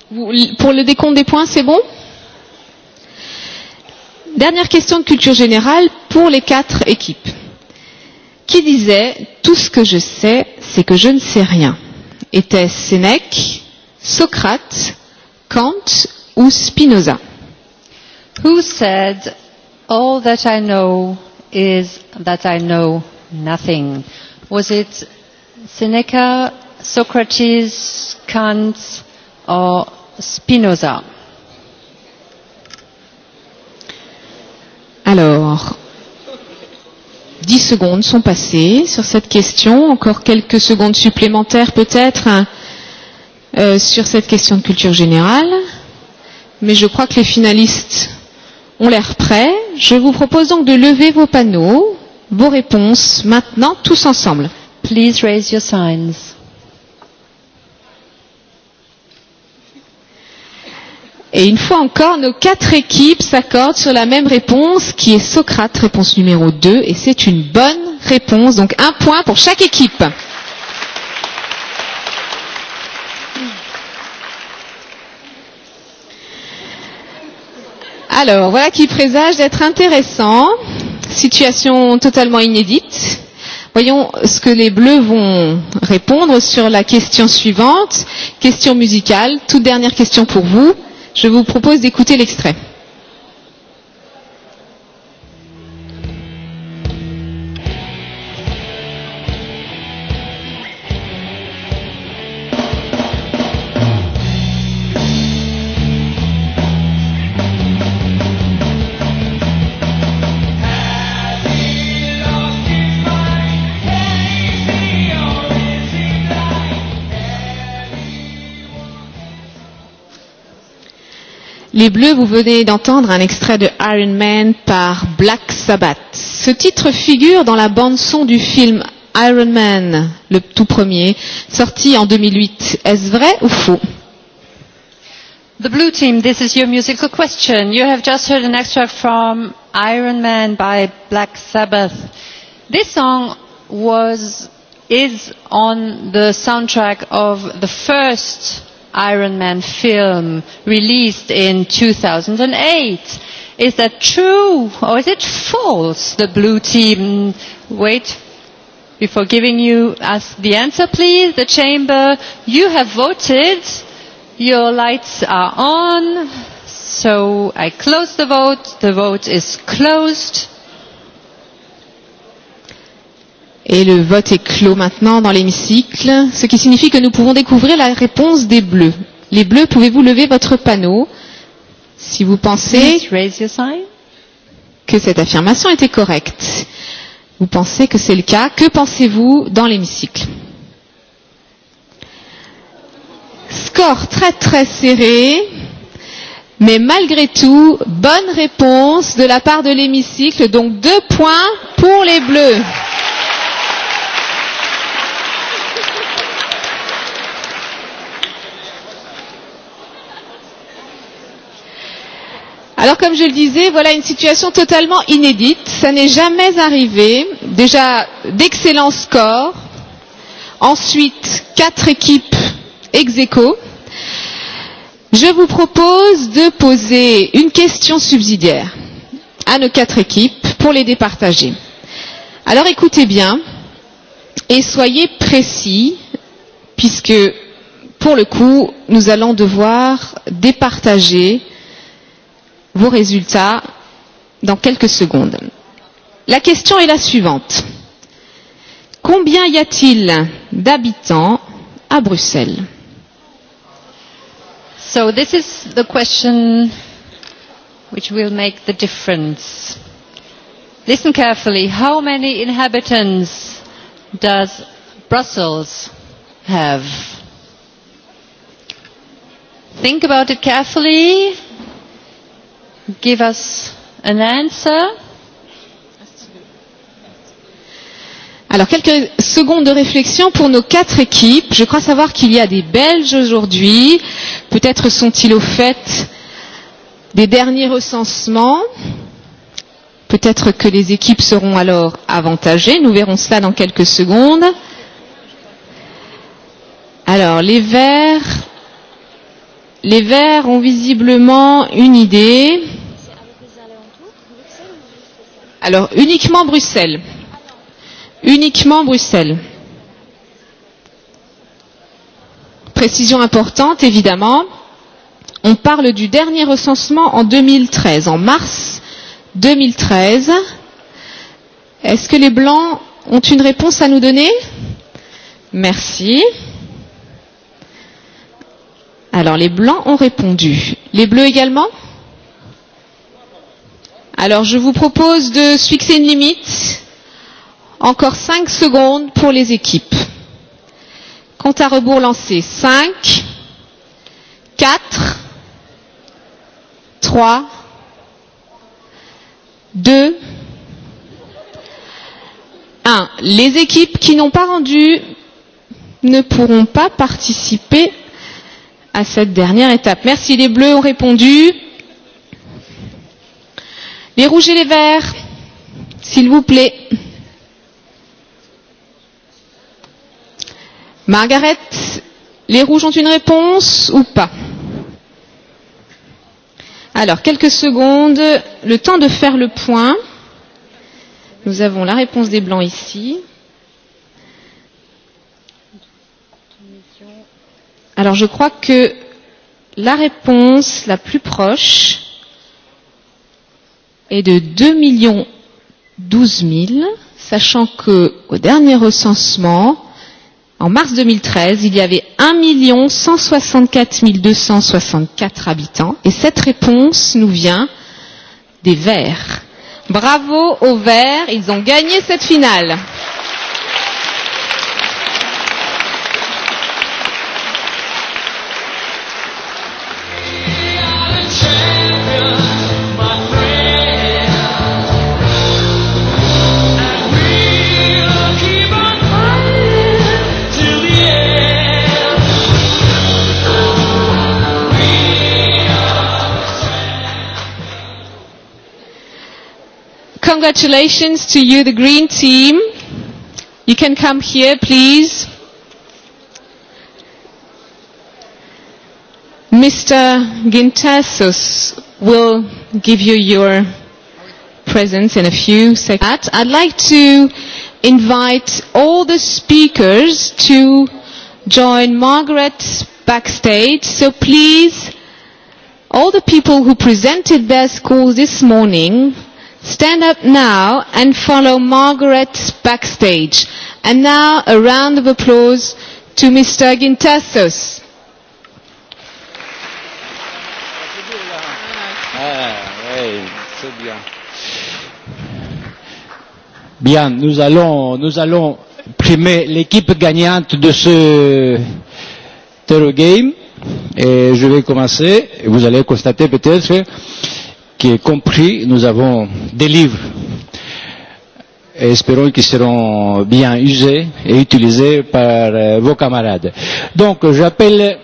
Pour le décompte des points, c'est bon Dernière question de culture générale pour les quatre équipes. Qui disait Tout ce que je sais, c'est que je ne sais rien Était Sénèque, Socrate, Kant ou Spinoza Who said All that I know is that I know nothing Was it Seneca, Socrates, Kant or Spinoza. Alors, dix secondes sont passées sur cette question. Encore quelques secondes supplémentaires peut-être sur cette question de culture générale. Mais je crois que les finalistes ont l'air prêts. Je vous propose donc de lever vos panneaux, vos réponses maintenant tous ensemble. Please raise your signs. Et une fois encore, nos quatre équipes s'accordent sur la même réponse qui est Socrate, réponse numéro 2. Et c'est une bonne réponse. Donc un point pour chaque équipe. Alors, voilà qui présage d'être intéressant. Situation totalement inédite. Voyons ce que les bleus vont répondre sur la question suivante. Question musicale. Toute dernière question pour vous. Je vous propose d'écouter l'extrait. Les Bleus, vous venez d'entendre un extrait de Iron Man par Black Sabbath. Ce titre figure dans la bande-son du film Iron Man, le tout premier, sorti en 2008. Est-ce vrai ou faux The Blue Team, this is your musical question. You have just heard an extract from Iron Man by Black Sabbath. This song was, is on the soundtrack of the first Iron Man film released in 2008. Is that true or is it false, the blue team? Wait, before giving you us the answer, please, the chamber, you have voted. Your lights are on. So I close the vote. The vote is closed. Et le vote est clos maintenant dans l'hémicycle, ce qui signifie que nous pouvons découvrir la réponse des bleus. Les bleus, pouvez-vous lever votre panneau si vous pensez que cette affirmation était correcte Vous pensez que c'est le cas Que pensez-vous dans l'hémicycle Score très très serré, mais malgré tout, bonne réponse de la part de l'hémicycle, donc deux points pour les bleus. Alors comme je le disais, voilà une situation totalement inédite, ça n'est jamais arrivé, déjà d'excellents scores, ensuite quatre équipes ex aequo. Je vous propose de poser une question subsidiaire à nos quatre équipes pour les départager. Alors écoutez bien et soyez précis puisque pour le coup nous allons devoir départager vos résultats dans quelques secondes. La question est la suivante. Combien y a-t-il d'habitants à Bruxelles So this is the question which will make the difference. Listen carefully. How many inhabitants does Brussels have? Think about it carefully give us an answer. Alors, quelques secondes de réflexion pour nos quatre équipes. Je crois savoir qu'il y a des Belges aujourd'hui. Peut-être sont-ils au fait des derniers recensements. Peut-être que les équipes seront alors avantagées. Nous verrons cela dans quelques secondes. Alors, les Verts Les Verts ont visiblement une idée. Alors, uniquement Bruxelles. Uniquement Bruxelles. Précision importante, évidemment. On parle du dernier recensement en 2013, en mars 2013. Est-ce que les Blancs ont une réponse à nous donner Merci. Alors les blancs ont répondu. Les bleus également Alors je vous propose de se fixer une limite. Encore 5 secondes pour les équipes. Compte à rebours lancé. 5, 4, 3, 2, 1. Les équipes qui n'ont pas rendu ne pourront pas participer à cette dernière étape. Merci. Les bleus ont répondu. Les rouges et les verts, s'il vous plaît. Margaret, les rouges ont une réponse ou pas Alors, quelques secondes, le temps de faire le point. Nous avons la réponse des blancs ici. Alors je crois que la réponse la plus proche est de 2 millions 12 000, sachant que au dernier recensement, en mars 2013, il y avait 1 million 164 264 habitants. Et cette réponse nous vient des Verts. Bravo aux Verts, ils ont gagné cette finale. congratulations to you, the green team. You can come here, please. Mr. Gintasos will give you your presence in a few seconds. I'd like to invite all the speakers to join Margaret backstage. So please, all the people who presented their schools this morning, Stand up now and follow Margaret backstage. And now a round of applause to Mr. Gintasos. Bien, nous allons, nous allons primer l'équipe gagnante de ce Terror Game. Et je vais commencer. et Vous allez constater peut-être que qui est compris. Nous avons des livres et espérons qu'ils seront bien usés et utilisés par vos camarades. Donc, j'appelle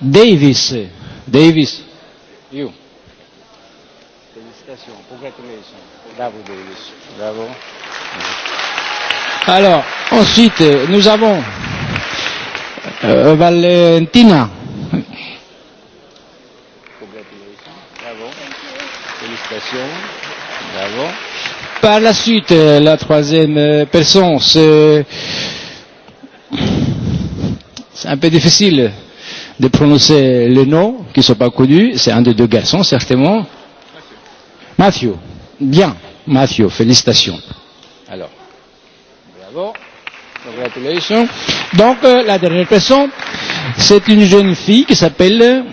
Davis. Davis, you. Félicitations. Congratulations. Bravo, Davis. Bravo. Alors, ensuite, nous avons Valentina Félicitations. Par la suite, la troisième personne, c'est un peu difficile de prononcer les noms qui ne sont pas connus. C'est un des deux garçons, certainement. Matthew. Bien, Matthew, félicitations. Alors, bravo. Congratulations. Donc, la dernière personne, c'est une jeune fille qui s'appelle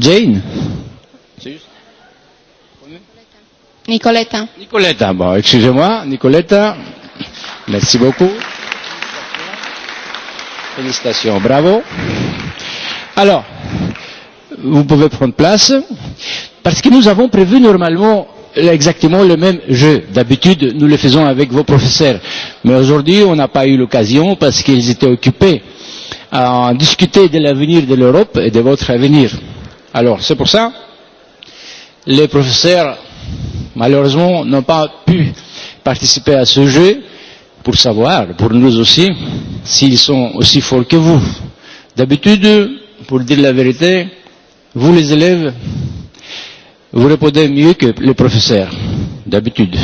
Jane. Nicoletta. Nicoletta, bon, excusez-moi, Nicoletta. Merci beaucoup. Félicitations, bravo. Alors, vous pouvez prendre place, parce que nous avons prévu normalement exactement le même jeu. D'habitude, nous le faisons avec vos professeurs. Mais aujourd'hui, on n'a pas eu l'occasion parce qu'ils étaient occupés à discuter de l'avenir de l'Europe et de votre avenir. Alors, c'est pour ça, les professeurs malheureusement, n'ont pas pu participer à ce jeu pour savoir, pour nous aussi, s'ils sont aussi forts que vous. D'habitude, pour dire la vérité, vous les élèves, vous répondez mieux que les professeurs, d'habitude,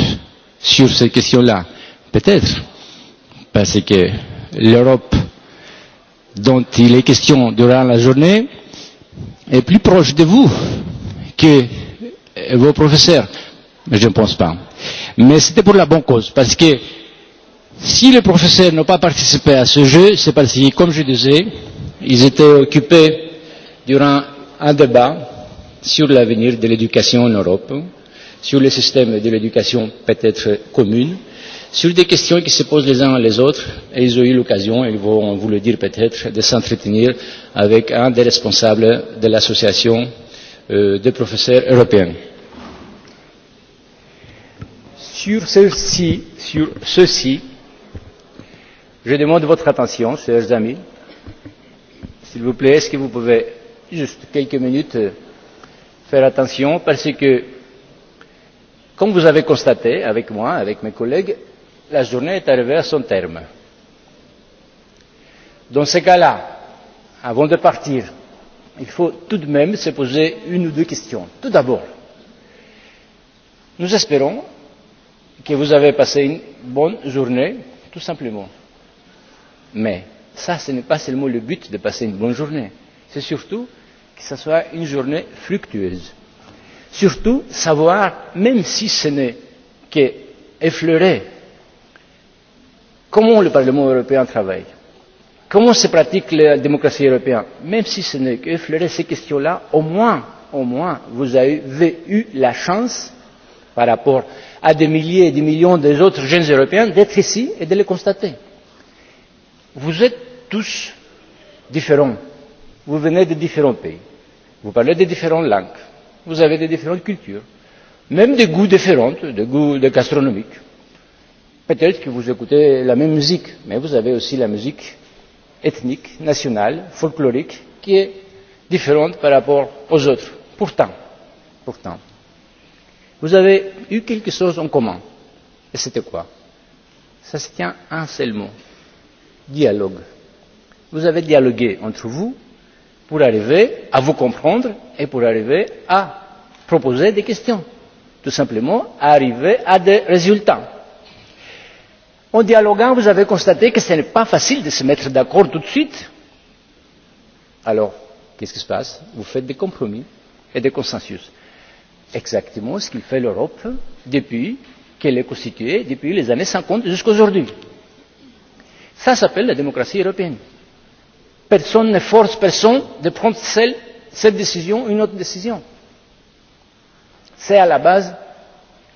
sur ces questions-là. Peut-être, parce que l'Europe dont il est question durant la journée est plus proche de vous que vos professeurs Je ne pense pas. Mais c'était pour la bonne cause, parce que si les professeurs n'ont pas participé à ce jeu, c'est parce que, comme je disais, ils étaient occupés durant un débat sur l'avenir de l'éducation en Europe, sur le système de l'éducation peut-être commune, sur des questions qui se posent les uns les autres, et ils ont eu l'occasion, ils vont vous le dire peut-être, de s'entretenir avec un des responsables de l'association des professeurs européens. Sur ceci, sur ceci, je demande votre attention, chers amis. S'il vous plaît, est-ce que vous pouvez juste quelques minutes faire attention parce que, comme vous avez constaté avec moi, avec mes collègues, la journée est arrivée à son terme. Dans ce cas-là, avant de partir, il faut tout de même se poser une ou deux questions. Tout d'abord, nous espérons que vous avez passé une bonne journée, tout simplement. Mais ça, ce n'est pas seulement le but de passer une bonne journée. C'est surtout que ce soit une journée fructueuse. Surtout, savoir, même si ce n'est qu'effleurer, comment le Parlement européen travaille comment se pratique la démocratie européenne Même si ce n'est qu'effleurer ces questions-là, au moins, au moins, vous avez eu la chance, par rapport à des milliers et des millions d'autres jeunes Européens, d'être ici et de les constater. Vous êtes tous différents. Vous venez de différents pays. Vous parlez de différentes langues. Vous avez de différentes cultures. Même des goûts différents, des goûts gastronomiques. Peut-être que vous écoutez la même musique, mais vous avez aussi la musique ethnique, nationale, folklorique, qui est différente par rapport aux autres. Pourtant, vous avez eu quelque chose en commun. Et c'était quoi Ça se tient un seul mot. Dialogue. Vous avez dialogué entre vous pour arriver à vous comprendre et pour arriver à proposer des questions. Tout simplement, à arriver à des résultats En dialoguant, vous avez constaté que ce n'est pas facile de se mettre d'accord tout de suite. Alors, qu'est-ce qui se passe Vous faites des compromis et des consensus. Exactement ce qu'il fait l'Europe depuis qu'elle est constituée, depuis les années 50 jusqu'à aujourd'hui. Ça s'appelle la démocratie européenne. Personne ne force personne de prendre cette décision ou une autre décision. C'est à la base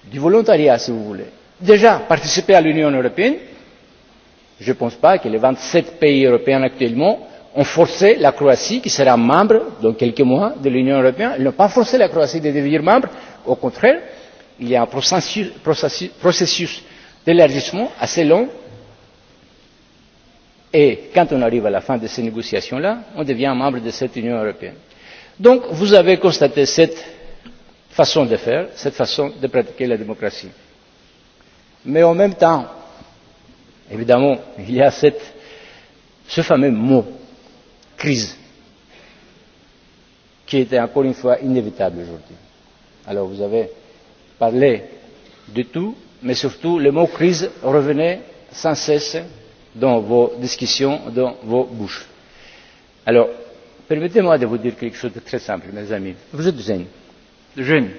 du volontariat, si vous voulez déjà participé à l'union européenne je ne pense pas que les vingt sept pays européens actuellement ont forcé la croatie qui sera membre dans quelques mois de l'union européenne ils n'ont pas forcé la croatie à devenir membre au contraire il y a un processus d'élargissement assez long et quand on arrive à la fin de ces négociations là on devient membre de cette union européenne. donc vous avez constaté cette façon de faire cette façon de pratiquer la démocratie mais en même temps évidemment il y a ce fameux mot crise qui était encore une fois inévitable aujourd'hui. alors vous avez parlé de tout mais surtout le mot crise revenait sans cesse dans vos discussions dans vos bouches. alors permettez moi de vous dire quelque chose de très simple mes amis vous êtes jeunes jeunes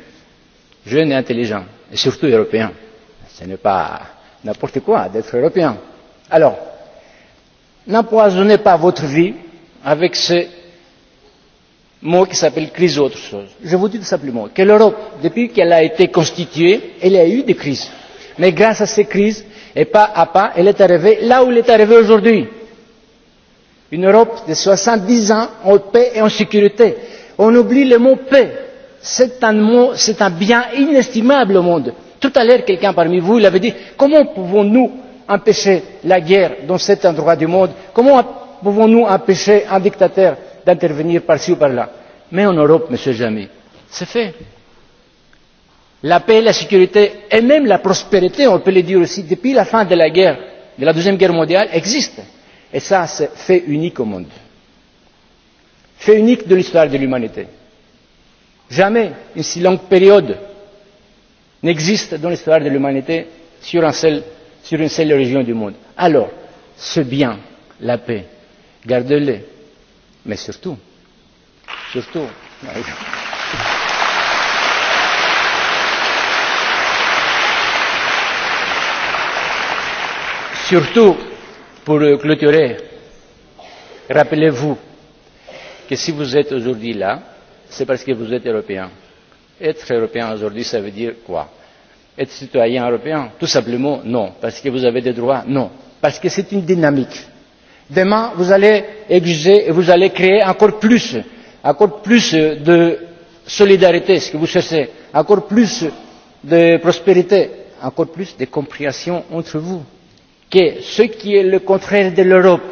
jeunes et intelligents et surtout européens. Ce n'est pas n'importe quoi d'être européen. Alors, n'empoisonnez pas votre vie avec ce mot qui s'appelle crise ou autre chose. Je vous dis tout simplement que l'Europe, depuis qu'elle a été constituée, elle a eu des crises. Mais grâce à ces crises, et pas à pas, elle est arrivée là où elle est arrivée aujourd'hui. Une Europe de 70 ans en paix et en sécurité. On oublie le mot paix. C'est un mot, c'est un bien inestimable au monde tout à l'heure quelqu'un parmi vous l'avait dit comment pouvons nous empêcher la guerre dans cet endroit du monde comment pouvons nous empêcher un dictateur d'intervenir par ci ou par là? mais en europe monsieur Jamy, c'est fait. la paix la sécurité et même la prospérité on peut le dire aussi depuis la fin de la guerre de la deuxième guerre mondiale existent et ça c'est fait unique au monde fait unique de l'histoire de l'humanité. jamais une si longue période n'existe dans l'histoire de l'humanité sur, un seul, sur une seule région du monde. Alors, ce bien, la paix, gardez-le. Mais surtout, surtout, surtout pour clôturer, rappelez-vous que si vous êtes aujourd'hui là, c'est parce que vous êtes européen Être européen aujourd'hui, ça veut dire quoi Être citoyen européen Tout simplement non. Parce que vous avez des droits Non. Parce que c'est une dynamique. Demain, vous allez exiger et vous allez créer encore plus, encore plus de solidarité, ce que vous cherchez, encore plus de prospérité, encore plus de compréhension entre vous. Que ce qui est le contraire de l'Europe,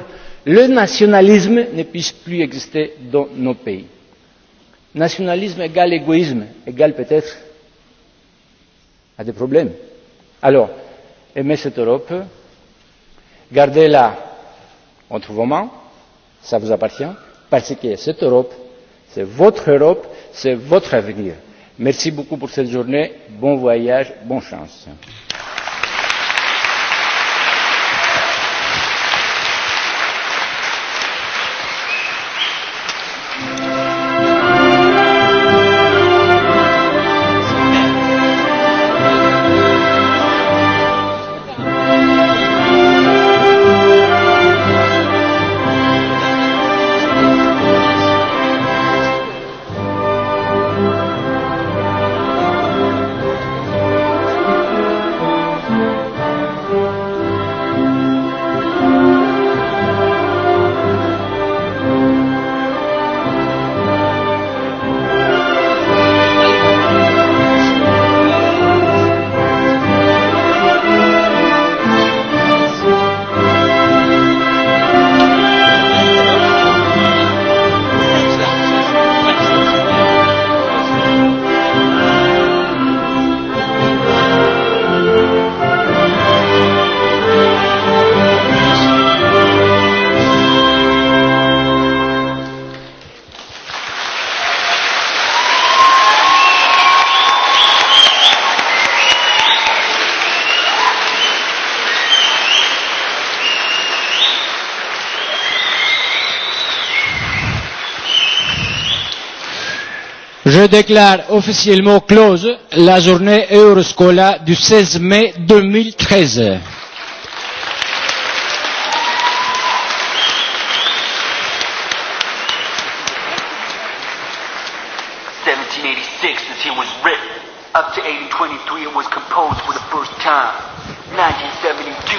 le nationalisme, ne puisse plus exister dans nos pays. Nationalisme égale égoïsme, égale peut-être à des problèmes. Alors, aimez cette Europe, gardez-la entre vos mains, ça vous appartient, parce que cette Europe, c'est votre Europe, c'est votre avenir. Merci beaucoup pour cette journée, bon voyage, bonne chance. déclare officiellement close la journée Euroscola du 16 mai 2013. It was written. Up to 1823, it was composed for the first time. 1972,